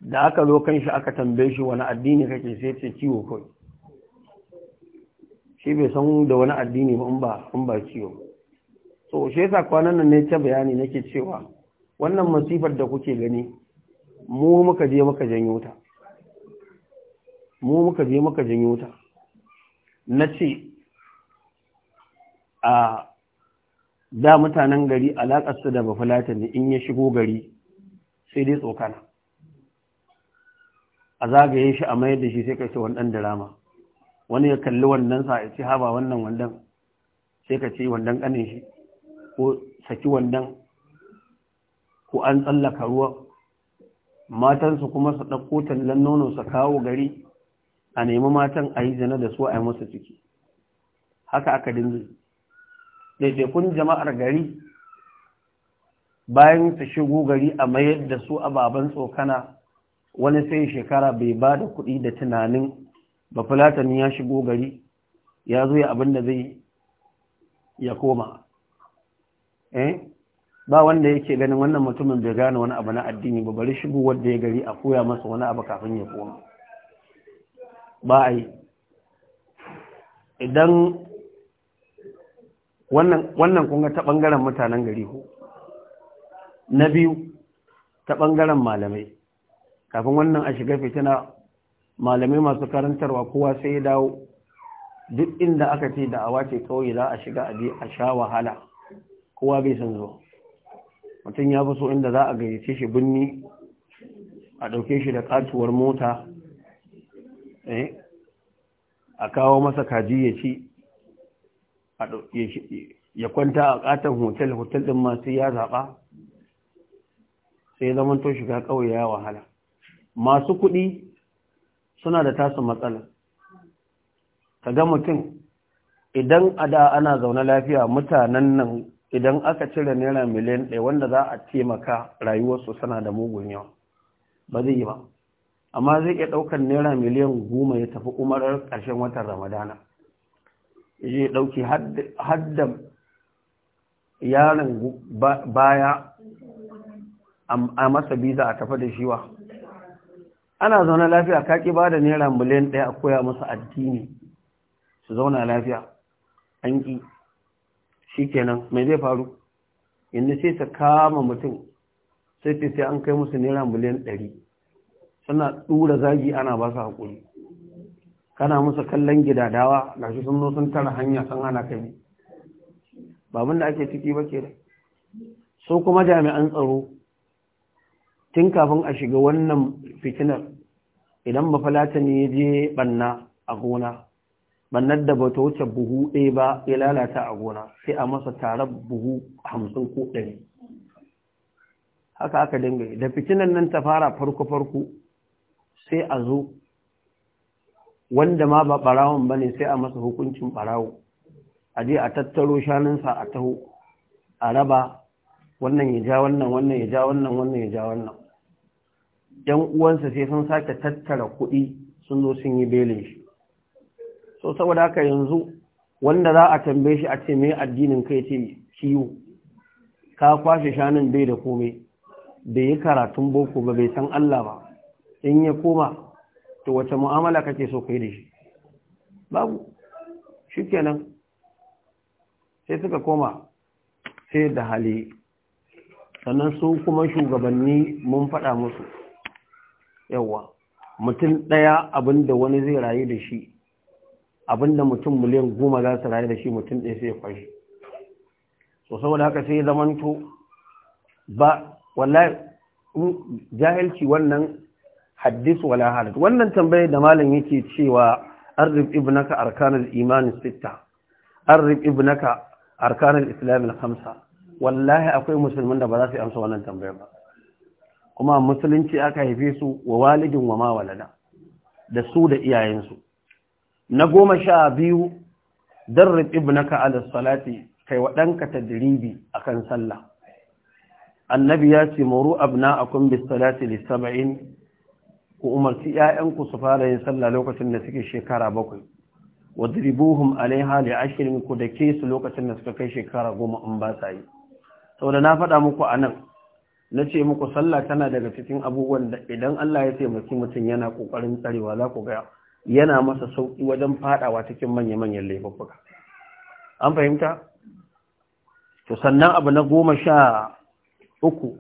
da aka zo kan shi aka tambaye shi wani addini kake sai ce ciwo kawai shi bai san da wani addini ba in ba ciwo to shi yasa kwanan nan ne ta bayani nake cewa wannan masifar da kuke gani mu muka je muka janyo ta mu muka je muka janyo ta na a da mutanen gari su da ne in ya shigo gari sai dai tsokana a zagaye shi a mayar da shi sai ka ce wannan dirama wani ya kalli wannan sa ya ce haba wannan wannan? sai ka ce wannan kanin shi ko saki wannan ko an tsallaka ruwa matansu kuma su ɗauko tallan nono su kawo gari a nemi matan a yi zina da su a yi masa ciki haka aka dinzu kun jama'ar gari bayan su shigo gari a mayar da su a baban tsokana wani sai shekara bai ba da kuɗi da tunanin ba ya shigo gari ya zo ya abin da zai ya koma Eh? ba wanda yake ganin wannan mutumin bai gane wani abu na addini ba bari shigo wanda ya gari a koya masa wani abu kafin ya koma ba a yi idan wannan kunga ta ɓangaren mutanen gari ko na biyu ta ɓangaren malamai kafin wannan a shiga fitina malamai masu karantarwa kowa sai ya dawo duk inda aka ce da awa ce kawai za a shiga abi a sha wahala kowa bai san zuwa mutum ya fi so inda za a gayyace shi binni a ɗauke shi da katuwar mota eh, a kawo masa kaji ya ci ya kwanta a katon hotel hotel ɗin masu ya zaɓa sai zaman to shiga kawai ya wahala masu kuɗi suna da tasu matsala ka ga mutum idan a da ana zaune lafiya mutanen nan idan aka cire naira miliyan ɗaya wanda za a taimaka rayuwarsu sana da mugun yawa ba zai yi ba amma zai iya ɗaukar naira miliyan goma ya tafi umarar ƙarshen watan ramadana ya ɗauki haddam yaron baya a masa biza a tafi da shiwa ana zaune lafiya kaki ba da naira miliyan ɗaya a koya masa addini su zauna lafiya an ƙi shi kenan mai zai faru inda sai ta kama mutum sai ta sai an kai musu naira miliyan ɗari suna ɗura zagi ana ba su haƙuri kana musu kallon gidadawa na shi sun sun tara hanya sun hana kai mun da ake ciki ba ke so kuma jami'an tsaro tun kafin a shiga wannan fitinar idan ba ne ya je ɓanna a gona bannan da bata wuce buhu ɗaya ba ya lalata a gona sai a masa tarar buhu hamsin ko ɗari haka aka dinga da fitinan nan ta fara farko-farko sai a zo wanda ma ba ɓarawon ba ne sai a masa hukuncin ɓarawo a je a tattaro shanunsa a taho a raba wannan ya ja wannan wannan ya ja wannan wannan ya ja wannan ‘yan uwansa sai sun sake tattara kuɗi sun zo sun yi belin shi so saboda haka yanzu wanda za a tambaye shi a ce mai addinin kai ce kiwo ka kwashe shanun bai da komai bai yi karatun boko ba bai san Allah ba in ya koma to wace mu'amala kake so kai da shi babu shikenan sai suka koma sai da hali sannan su kuma shugabanni mun faɗa musu yawa mutum ɗaya abin da wani zai rayu da shi abinda mutum miliyan goma za su rayu da shi mutum ɗaya sai ya kwashi so saboda haka sai zamanto ba wallahi jahilci wannan haddis wala halat wannan tambayar da malam yake cewa arrib ibnaka arkanul iman sitta arrib ibnaka arkanul islam al-khamsa wallahi akwai musulmin da ba za su amsa wannan tambayar ba kuma musulunci aka haife su wa walidin wa ma walada da su da iyayensu na goma sha biyu don darrib ibnaka ala salati kai wa ɗanka a kan sallah annabi ya ce muru a bis salati da saba'in ku umarci 'ya'yanku su fara yin sallah lokacin da suke shekara bakwai wadribuhum alaiha a ashirin ku da ke su lokacin da suka kai shekara goma in ba sa yi da na faɗa muku a nan, na ce muku sallah tana daga cikin abubuwan da idan Allah ya taimaki mutum yana ƙoƙarin tsarewa za ku gaya. yana masa sauƙi wajen fadawa cikin manya-manyan laifuka. an fahimta to sannan abu na goma sha uku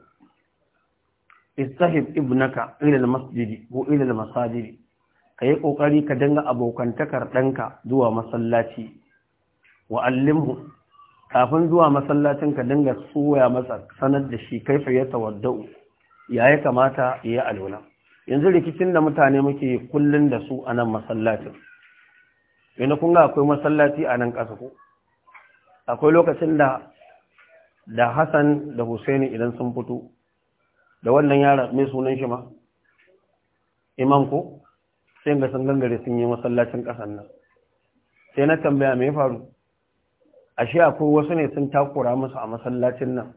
istahib ibnaka ilal masjidi ko ilal masajidi ka yi ƙoƙari ka dinga abokantakar ɗanka zuwa masallaci Wa wa'allimhu kafin zuwa masallacin ka dinga soya masa sanar da shi kaifa ya tawadda'u ya ya kamata ya alwala yanzu rikicin da mutane muke kullun da su a nan masallacin yana kunga akwai masallaci a nan ƙasa ko akwai lokacin da da hassan da husaini idan sun fito da wannan yara mai sunan shi ma imam ko sai ga sun gangare sun yi masallacin ƙasan nan sai na tambaya mai faru ashe akwai wasu ne sun takura musu a masallacin nan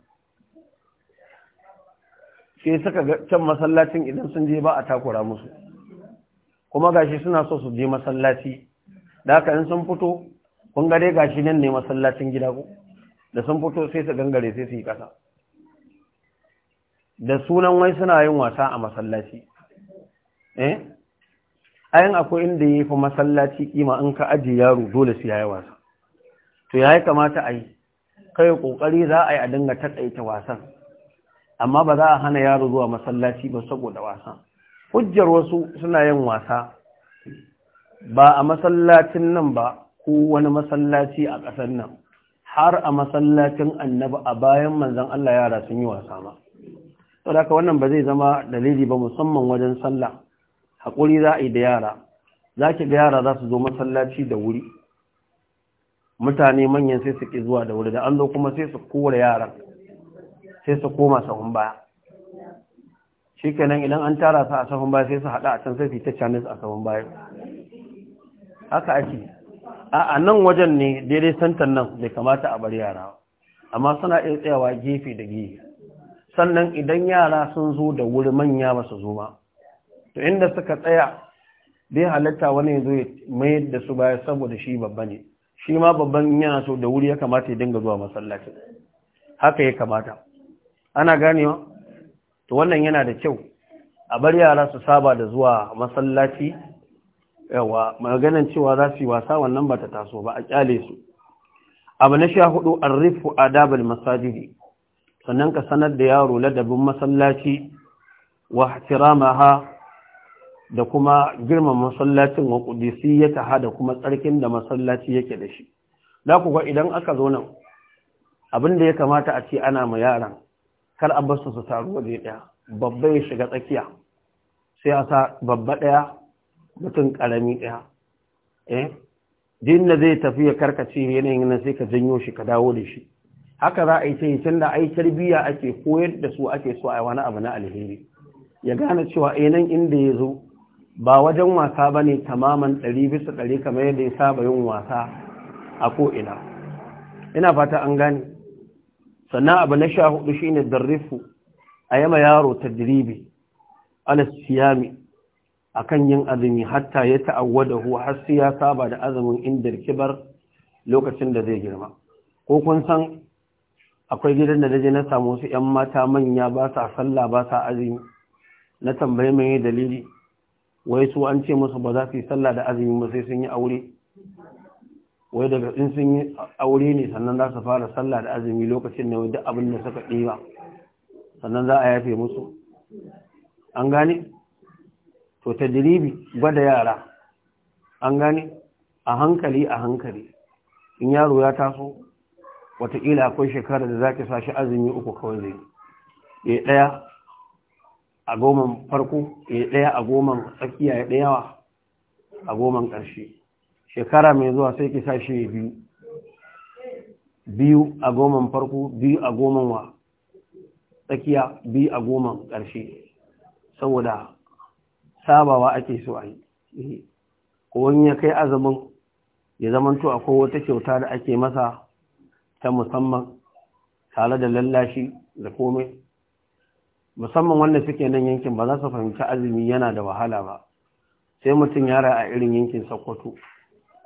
sai suka can masallacin idan sun je ba a takura musu kuma gashi suna so su je masallaci da haka in sun fito kun ga dai gashi nan ne masallacin gida ko da sun fito sai su gangare sai su yi kasa da sunan wai suna yin wasa a masallaci eh ayin akwai inda ya fi masallaci kima in ka ajiye yaro dole su yayi wasa to yayi kamata a yi kai kokari za a yi a dinga takaita wasan amma ba za a hana yaro zuwa masallaci ba saboda wasa hujjar wasu suna yin wasa ba a masallacin nan ba ko wani masallaci a ƙasar nan har a masallacin annabi a bayan manzon Allah yara sun yi wasa ma saboda wannan ba zai zama dalili ba musamman wajen sallah haƙuri za a yi da yara za ga yara za su zo masallaci da wuri mutane manyan sai su zuwa da wuri da an zo kuma sai su kore yaran sai su koma sahun baya shi kenan idan an tara su a sahun baya sai su haɗa a can sai fita canis a sahun baya haka ake a nan wajen ne daidai santan nan bai kamata a bar yara amma suna iya tsayawa gefe da gefe sannan idan yara sun zo da wuri manya ba su zo ba to inda suka tsaya bai halatta wani ya zo ya mayar da su baya saboda shi babba ne shi ma babban yana so da wuri ya kamata ya dinga zuwa masallaci haka ya kamata ana ganewa to wannan yana da kyau a bar yara su saba da zuwa masallaci yawa maganan cewa za su yi wasa wannan ba ta taso ba a kyale su abu na sha hudu an rufe adabar masajidi sannan ka sanar da yaro ladabin masallaci wa tiramaha da kuma girman masallacin wa ya taha da kuma tsarkin da masallaci yake da shi da kuwa idan aka zo nan abin da ya kamata a ce ana ma yaran kar a basu su taru waje ɗaya babba ya shiga tsakiya sai a sa babba ɗaya mutum ƙarami ɗaya eh din da zai tafi ya karkace yanayin nan sai ka janyo shi ka dawo da shi haka za a yi sai tun da ai tarbiyya ake koyar da su ake so a wani abu na alheri ya gane cewa eh nan inda ya zo ba wajen wasa ba ne tamaman ɗari bisa ɗari kamar yadda ya saba yin wasa a ko ina. ina fata an gane sannan abu na sha hudu shi ne darrifu a yama yaro ta tadribi alasiyami a kan yin azumi hatta ya da huwa har sai ya saba da azumin inda kibar lokacin da zai girma ko kun san akwai gidan da je na samu su yan mata manya ba sa sallah ba sa azumi na tambaye mai dalili wai su an ce musu ba za su yi sallah da azumi ba sai sun yi aure wai daga in sun yi aure ne sannan za su fara sallah da azumi lokacin da wadda abin da suka ɗiba sannan za a yafe musu an gane to ta diribi gwada yara an gane a hankali a hankali in yaro ya taso Wataƙila akwai shekara da za ki sa shi azumi uku kawai zai ya ɗaya a goman farko ya ɗaya a goman tsakiya ya ɗaya a goman ƙarshe shekara mai zuwa sai ki sashi biyu biyu a goman farko biyu a goman wa tsakiya biyu a goman ƙarshe saboda sabawa ake so a yi wani eh, ya kai azumin ya zamanto a wata kyauta da ake masa ta musamman tare da lallashi da komai musamman wanda suke nan yankin ba za su fahimci azumi yana da wahala ba sai mutum yara a irin yankin sokoto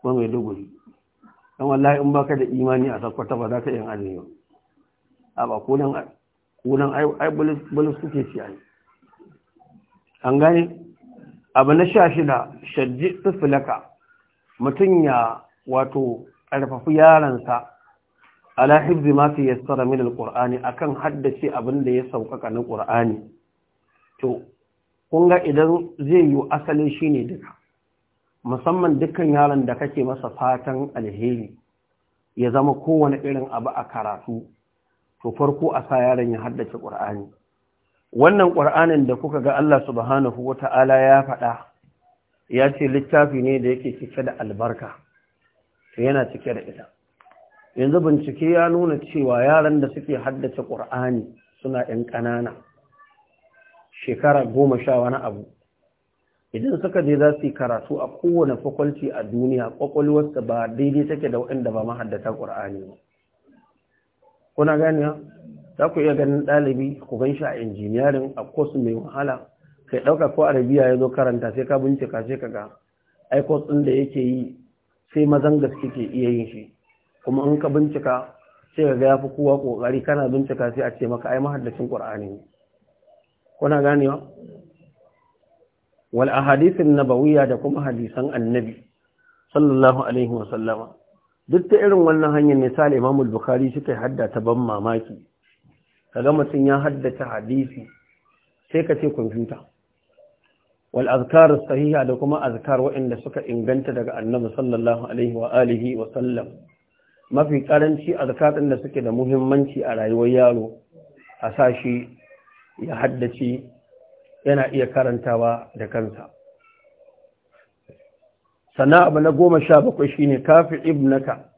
ko mai duguri don wallahi in baka da imani a sakwata ba za ka yin arewa a ba kunan ai bulus suke a ai an gani? abu na sha shida shajji tufilaka mutum ya wato ƙarfafi yaransa ala hibzi ma fi minal min alqur'ani akan haddace abin da ya sauƙaƙa na ƙur'ani. to kun ga idan zai yi asali shine duka musamman dukkan yaran da kake masa fatan alheri ya zama kowane irin abu a karatu to farko a sa yaron ya haddace ƙur'ani wannan ƙur'anin da kuka ga Allah subhanahu wata'ala ya faɗa ya ce littafi ne da yake cike da albarka to yana cike da ita yanzu bincike ya nuna cewa yaran da suke haddace ƙur'ani suna ƴan ƙanana shekara goma sha wani abu idan suka je za su yi karatu a kowane fakulti a duniya kwakwalwarsa ba daidai take da waɗanda ba mahaddata ƙur'ani ba kuna ganiya za ku iya ganin ɗalibi ku gan shi a injiniyarin a kwasu mai wahala kai ɗauka ko arabiya ya zo karanta sai ka bincika sai ka ga ai ɗin da yake yi sai mazan gaske ke iya yin shi kuma in ka bincika sai ka ga ya fi kowa ƙoƙari kana bincika sai a ce maka ai mahaddacin ƙur'ani ne kuna ganewa wal ahadithin nabawiyya da kuma hadisan annabi sallallahu alaihi wa sallama duk ta irin wannan hanyar ne sa Imam al-Bukhari suka hadda ta ban mamaki kaga mutun ya haddace hadisi sai ka ce kwamfuta wal azkar sahiha da kuma azkar waɗanda suka inganta daga annabi sallallahu alaihi wa alihi wa sallam mafi karanci azkar da suke da muhimmanci a rayuwar yaro a sashi ya haddace yana iya karantawa da kansa Sana'a abu na goma sha bakwai shi ne kafi ibnaka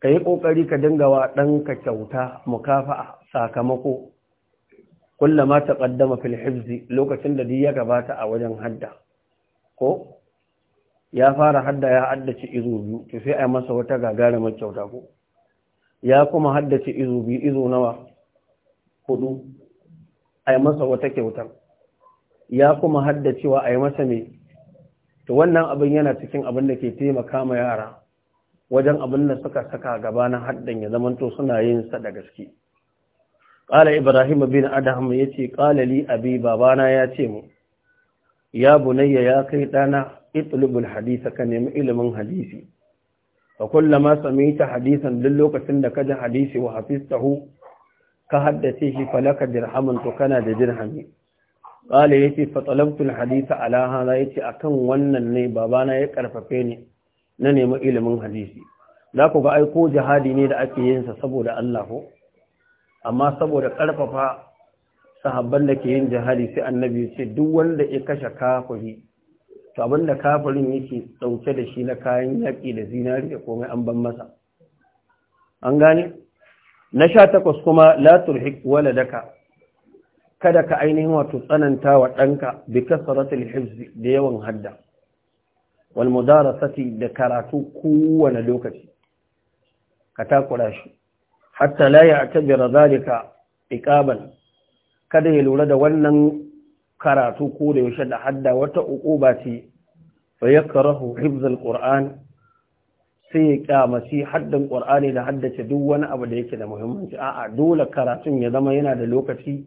ka yi ƙoƙari ka dinga dingawa ɗanka kyauta mukafa'a sakamako kullama ta ƙaddama filhibzi lokacin da ya gabata a wajen hadda ko ya fara hadda ya haddace izo biyu to sai a yi masa wata gagarumar kyauta ko ya kuma haddace izo biyu izo nawa hudu a yi masa wata kyautar ya kuma haddacewa a yi masa ne to wannan abin yana cikin abin da ke taimaka ma yara wajen abin da suka saka gaba na haddan ya zamanto suna yin sa da gaske ƙala ibrahim bin ya yace Ƙala li abi babana ya ce mu ya bunayya ya kai ɗana itulubul hadisa ka nemi ilimin hadisi Ka ma sami ta hadisan duk lokacin da ka ji hadisi wa hafistahu ka haddace shi falaka dirhamun to kana da dirhami ƙala ya ce fatsalabtul hadisa ala hada ya ce akan wannan ne babana ya karfafe ni na nemi ilimin hadisi za ku ga aiko jihadi ne da ake yinsa saboda Allah ko amma saboda karfafa sahabban da ke yin jihadi sai annabi ya ce duk wanda ya kashe kafiri to abinda kafirin yake dauke da shi na kayan yaƙi da zinari da komai an ban masa an gane na sha takwas kuma la turhik waladaka kada ka ainihin wato tsananta wa ɗanka bi kasaratul hifzi da yawan hadda wal mudarasati da karatu kowane lokaci ka takura shi hatta la ya'tabira zalika iqaban kada ya lura da wannan karatu ko da yaushe da hadda wata uquba ce fa yakrahu hifzul qur'an sai ya kyamaci haddan qur'ani da haddace duk wani abu da yake da muhimmanci a'a dole karatun ya zama yana da lokaci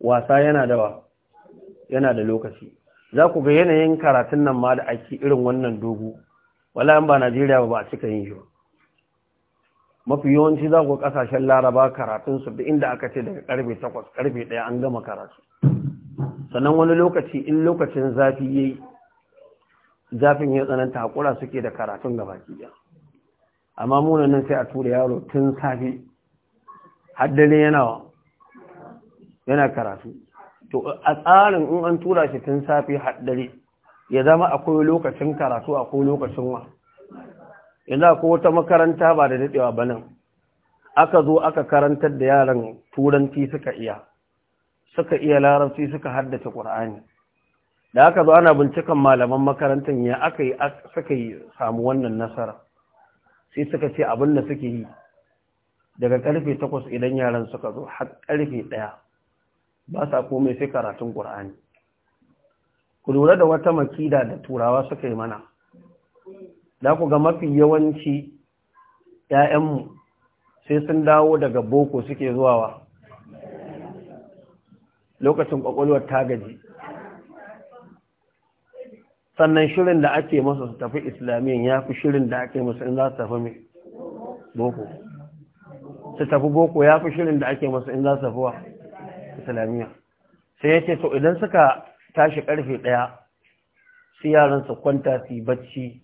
wasa yana da wa yana da lokaci za ku ga yanayin karatun nan ma da ake irin wannan dogo wala ba Najeriya ba ba a cika yin shi ba mafi yawanci za ku kasashen laraba karatunsu da inda aka ce daga karfe 8 karfe 1 an gama karatu sannan wani lokaci in lokacin zafi yi zafin ya tsananta hakura suke da karatun gabaki ɗaya amma munanan sai a tura yaro tun safe. har dare yana yana karatu to a tsarin in an tura shi tun safi haddare ya zama akwai lokacin karatu akwai lokacin wa yanzu akwai wata makaranta ba da daɗewa ba nan aka zo aka karantar da yaran turanci suka iya suka iya larabci suka haddace ƙur'ani da aka zo ana binciken malaman makarantar ya aka yi suka yi samu wannan nasara sai suka ce abin da suke yi daga karfe takwas idan yaran suka zo har ƙarfe ɗaya ba sa komai sai karatun ƙur'ani ku lura da wata makida da turawa suka yi mana da ku ga mafi yawanci 'ya'yanmu sai sun dawo daga boko suke zuwa wa lokacin ƙwaƙwalwar ta gaji sannan shirin da ake masa su tafi islamiyyar ya fi shirin da ake masa in za su tafi mai boko su tafi boko ya fi shirin da ake masa in za su tafi wa islamiyya sai ya ce to idan suka tashi karfe daya su yaran su kwanta su bacci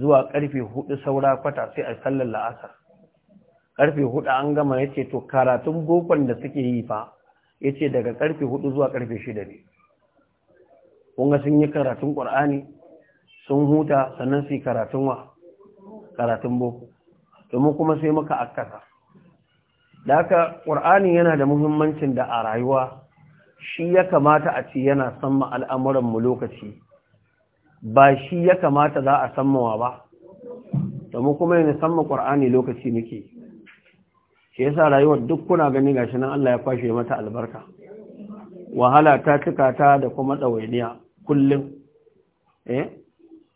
zuwa karfe hudu saura kwata sai a sallar la'asar karfe hudu an gama ya ce to karatun bokon da suke yi fa ya ce daga karfe hudu zuwa karfe shida ne kunga sun yi karatun ƙwar'ani sun huta sannan su yi karatun wa karatun boko domin kuma sai muka akasa da haka ƙur'ani yana da muhimmancin da a rayuwa shi ya kamata a ce yana samma al'amuranmu lokaci ba shi ya kamata za a sammawa ba domin kuma yana samma ƙur'ani lokaci muke shi yasa rayuwar duk kuna gani gashi nan Allah ya kwashe mata albarka wahala ta cika ta da kuma ɗawainiya kullum eh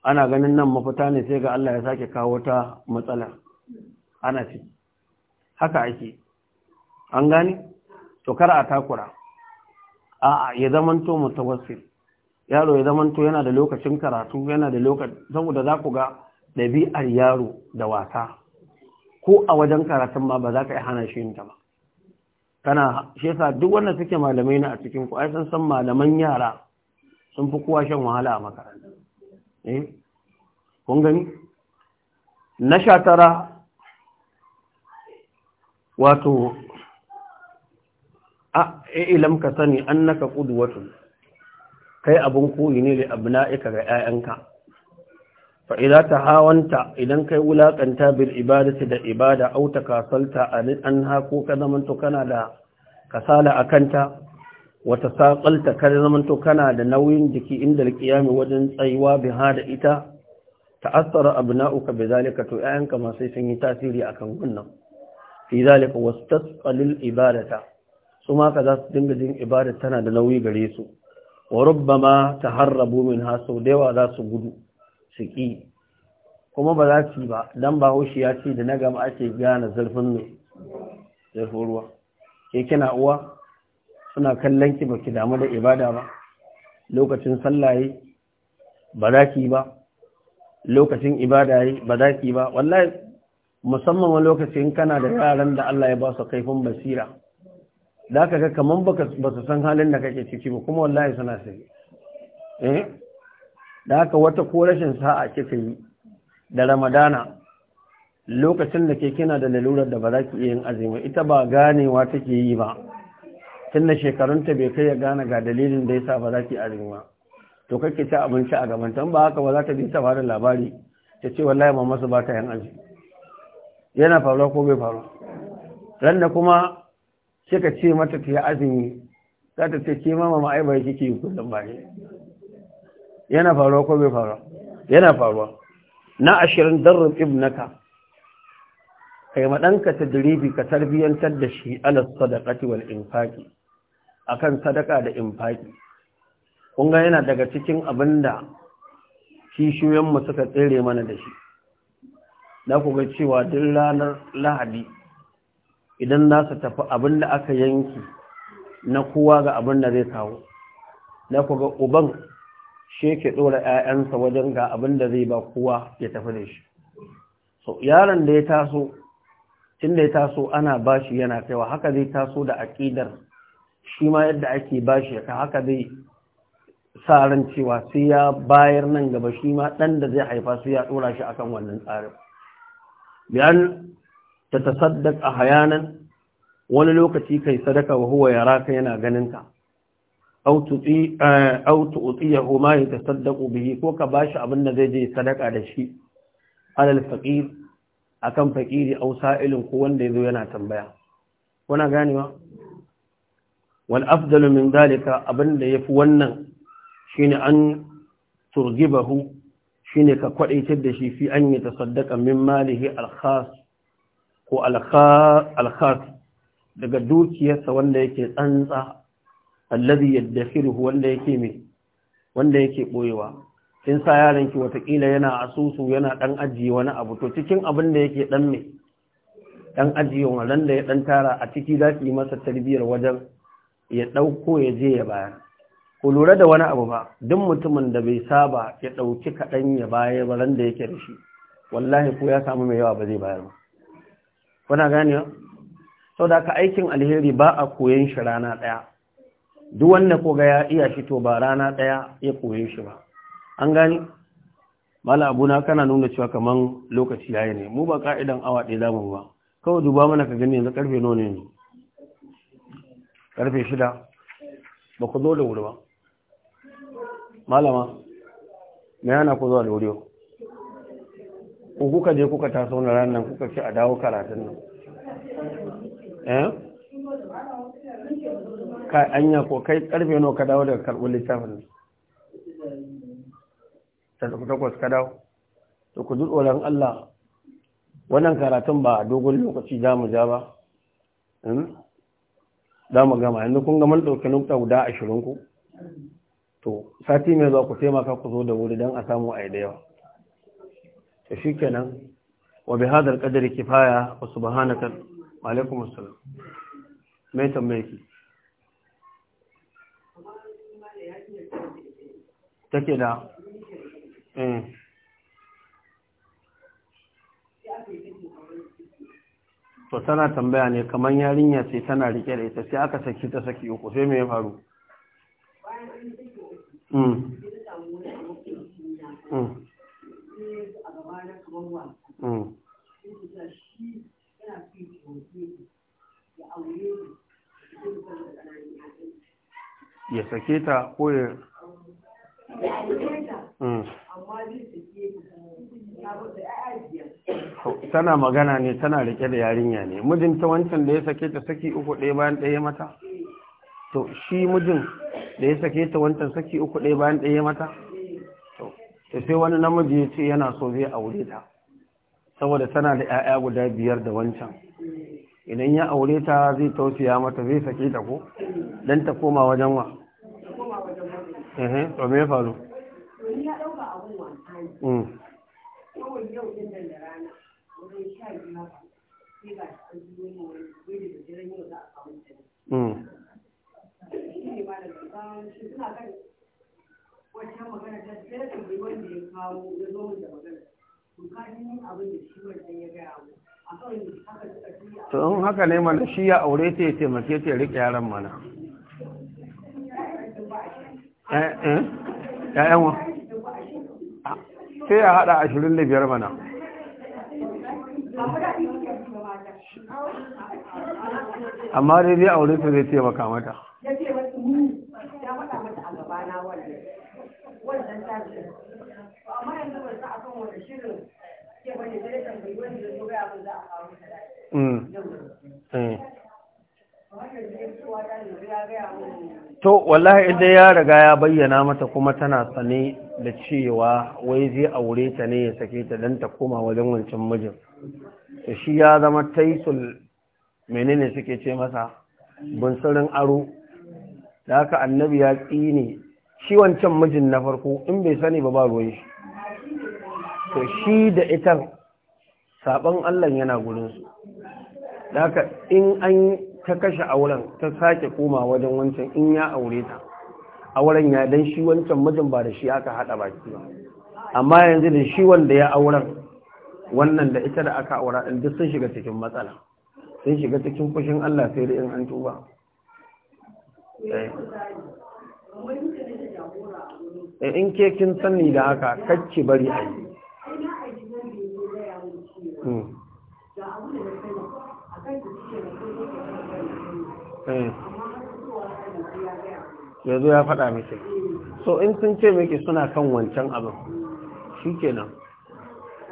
ana ganin nan mafita ne sai ga Allah ya sake kawo ta matsala ana ce haka ake an gane to kar a takura a'a ya zamanto mutawassil yaro ya zamanto yana da lokacin karatu yana da lokacin saboda za ku ga ɗabi'ar yaro da wata, ko a wajen karatun ma ba za ka yi hana shi yinta ba kana shi yasa duk wanda suke malamai na a cikin ku ai san san malaman yara sun fi kowa shan wahala a makaranta eh kun gani na sha tara wato A'a, ilam ka sani an kudu wato. kai abun koyi ne li abna'ika ga 'ya'yanka fa ta hawanta idan kai wulakanta bil ibadati da ibada auta takasalta an anha ka zamanto kana da kasala akanta Wata tasaqalta ka zamanto kana da nauyin jiki inda alqiyami wajen tsayuwa biha da ita ta'assara abna'uka bidhalika to 'ya'yanka ma sai sun yi tasiri akan wannan fi zalika wastasqalil ibadata su ma ka za su dinga jin ibada tana da nauyi gare su wa harrabo min minha sau da yawa za su gudu su ƙi kuma ba za su ba dan ba hoshi ya ce da na gama ake gane zurfin ne zarfin ruwa ke kina uwa suna kallon ki baki damu da ibada ba lokacin sallaye ba za ki ba lokacin ibada yi ba za ki ba wallahi musamman wani lokacin kana da yaran da Allah ya ba su kaifin basira da aka ga kamar ba su san halin da kake ciki ba kuma wallahi suna sai eh da aka wata ko rashin sa'a kika yi da ramadana lokacin da ke kina da lalurar da ba za ki yin azumi ita ba ganewa take yi ba tun da shekarunta bai kai ya gane ga dalilin da yasa ba za ki azumi ba to kake ci abinci a gaban ta ba haka ba za ta bi ta bada labari ta ce wallahi mama su ba ta yin azumi yana faruwa ko bai faru ran da kuma kika ce mata ta yi azumi za ta ce ke mama bai kike yi kullum ba ne yana faruwa ko bai faruwa yana faruwa na ashirin darrin ibnaka kai ɗanka ta diribi ka tarbiyyantar da shi alas sadakati wal infaki akan sadaka da infaki kunga yana daga cikin abin da kishiyoyinmu suka tsere mana da shi na kuga cewa duk ranar lahadi idan za su tafi abin da aka yanki na kowa ga abin da zai kawo na kuga uban shi yake ɗora 'ya'yansa wajen ga abin da zai ba kowa ya tafi da shi so yaron da ya taso tun da ya taso ana bashi yana kaiwa haka zai taso da aƙidar shi ma yadda ake bashi ka haka zai sa ran cewa sai ya bayar nan gaba shi ma ɗan da zai haifa sai ya ɗora shi akan wannan tsarin ta tasaddaq a hayanan wani lokaci kai sadaka wa huwa ka yana ganinka aw tuti aw tu'tiyahu ma yatasaddaqu bihi ko ka bashi abin da zai je sadaka da shi alal faqir akan faqiri aw sa'ilin ko wanda yazo yana tambaya kuna ganewa wal afdalu min zalika abin da yafi wannan shine an turgibahu shine ka kwadaitar da shi fi an yatasaddaqa min malihi al ko alkhas daga dukiyarsa wanda yake tsantsa allazi yaddafiruhu wanda yake me wanda yake boyewa in sa yaranki, ki watakila yana asusu yana dan ajiye wani abu to cikin abin da yake dan me dan ajiye wannan da ya dan tara a ciki za ki masa tarbiyar wajen ya dauko ya je ya bayar ko lura da wani abu ba duk mutumin da bai saba ya dauki kadan ya bayar ba ran da yake da shi wallahi ko ya samu mai yawa ba zai bayar ba kuna gane sau da ka aikin alheri ba a koyon shi rana ɗaya duk wanda ko ga ya iya shi to ba rana ɗaya ya koyon shi ba an gani mala abuna kana nuna cewa kamar lokaci ya yi ne mu ba ka'idan awa ɗaya zamu ba kawai duba mana ka gani yanzu karfe nawa ne karfe shida ba ku zo da wuri ba malama me yana ku zuwa da wuri ba ko kuka je kuka taso na ran nan kuka ce a dawo karatun nan eh ka anya ko kai karfe nawa ka dawo daga karɓar littafin takwas ka dawo to ku tsoron Allah wannan karatun ba a dogon lokaci za mu ja ba hmm? za mu gama yanzu kun gama ɗauki nukta guda ashirin ku to sati mai zuwa ku taimaka ku zo da wuri don a samu a yi da yawa shi kenan wa bi hadar kadari kifaya wa subhanaka wa alaikum assalam mai tambaye ki take da eh. to tana tambaya ne kamar yarinya ce tana rike da ita sai aka saki ta saki uku sai me ya faru mm mm Mm. ya sake ta ko ya mm. tana magana ne tana rike da yarinya ne mijinta wancan da ya sake ta saki uku ɗaya bayan ɗaya mata to shi mijin da ya sake ta wancan saki uku ɗaya bayan ɗaya mata ta sai wani namiji ya ce yana so zai aure ta saboda tana da 'ya'ya guda biyar da wancan idan ya aure ta zai tausaya mata zai sake ta ko don ta koma wajen wa Mm. to Mm. to ka abin ya gaya a kawai haka suka in haka ne mana shi ya aure ta ya taimake ta ya rike yaran mana eh, eh. eh, eh. sai ya haɗa ashirin da biyar mana amma dai dai aure ta zai taimaka mata mm. wannan tashin amma yanzu ba sa akan wani shirin ke bane da kan bai wani da su ga abin za a kawo mm. mm. ta To wallahi idan ya riga ya bayyana mata kuma tana sane da cewa wai zai aure ta ne ya sake ta don ta koma wajen wancan mijin. To shi ya zama taisul menene suke ce masa bunsurin aro da haka annabi ya tsine shi wancan mijin na farko in bai sani ba ba ruwan shi to shi da ita saban Allah yana gurinsu haka in an ta kashe auren ta sake koma wajen wancan in ya aure ta auren ya dan shi wancan mijin ba da shi aka hada baki ba amma yanzu da shi wanda ya auren wannan da ita da aka aura din duk sun shiga cikin matsala sun shiga cikin kushin Allah sai da in an tuba eh. Eh, in ke kin sani da haka kacce bari a yi hmm. eh. yanzu ya faɗa miki so in sun ce miki suna kan wancan abin shi nan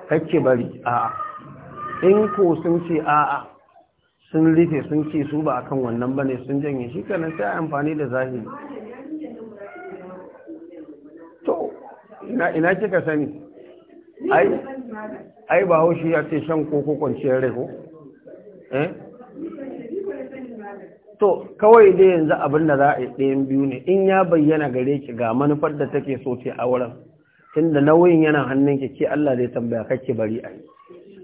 kacce bari a'a in ko sun ce a'a sun rufe sun ce su ba a kan wannan bane sun janye shi nan sai amfani da zahiri ina kika sani ai ba hoshi ya ce shan koko kwanciyar rai ko eh to kawai dai yanzu abin da za a yi ɗayan biyu ne in ya bayyana gare ki ga manufar da take so ce a wurin tunda nauyin yana hannun ki ke Allah zai tambaya kake bari a yi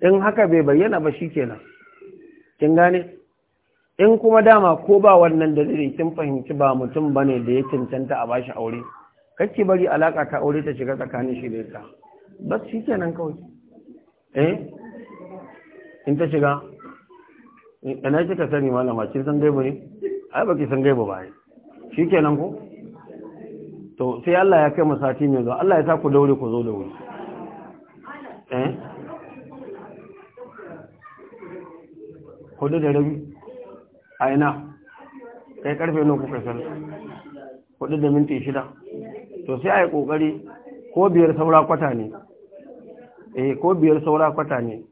in haka bai bayyana ba shikenan kin gane in kuma dama ko ba wannan dalilin kin fahimci ba mutum bane da ya cancanta a bashi aure kake bari alaka ta aure ta shiga tsakanin shi da ita bas shi kenan kawai eh in ta shiga ina kika sani malama kin san gaibu ne ai baki san gaibu ba shi kenan ko to sai Allah ya kai mu sati mai zuwa Allah ya sa ku daure ku zo da wuri eh hudu da rabi a ina kai karfe nan kuka san hudu da minti shida to sai a yi ƙoƙari ko biyar saura kwata ne eh ko biyar saura kwata ne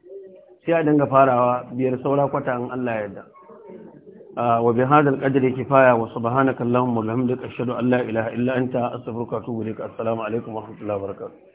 sai a dinga farawa biyar saura kwata in Allah yarda ah, wa bi hadal qadri kifaya wa subhanaka allahumma wa bihamdika ashhadu an la ilaha illa anta astaghfiruka wa atubu ilaik assalamu alaikum wa rahmatullahi wa barakatuh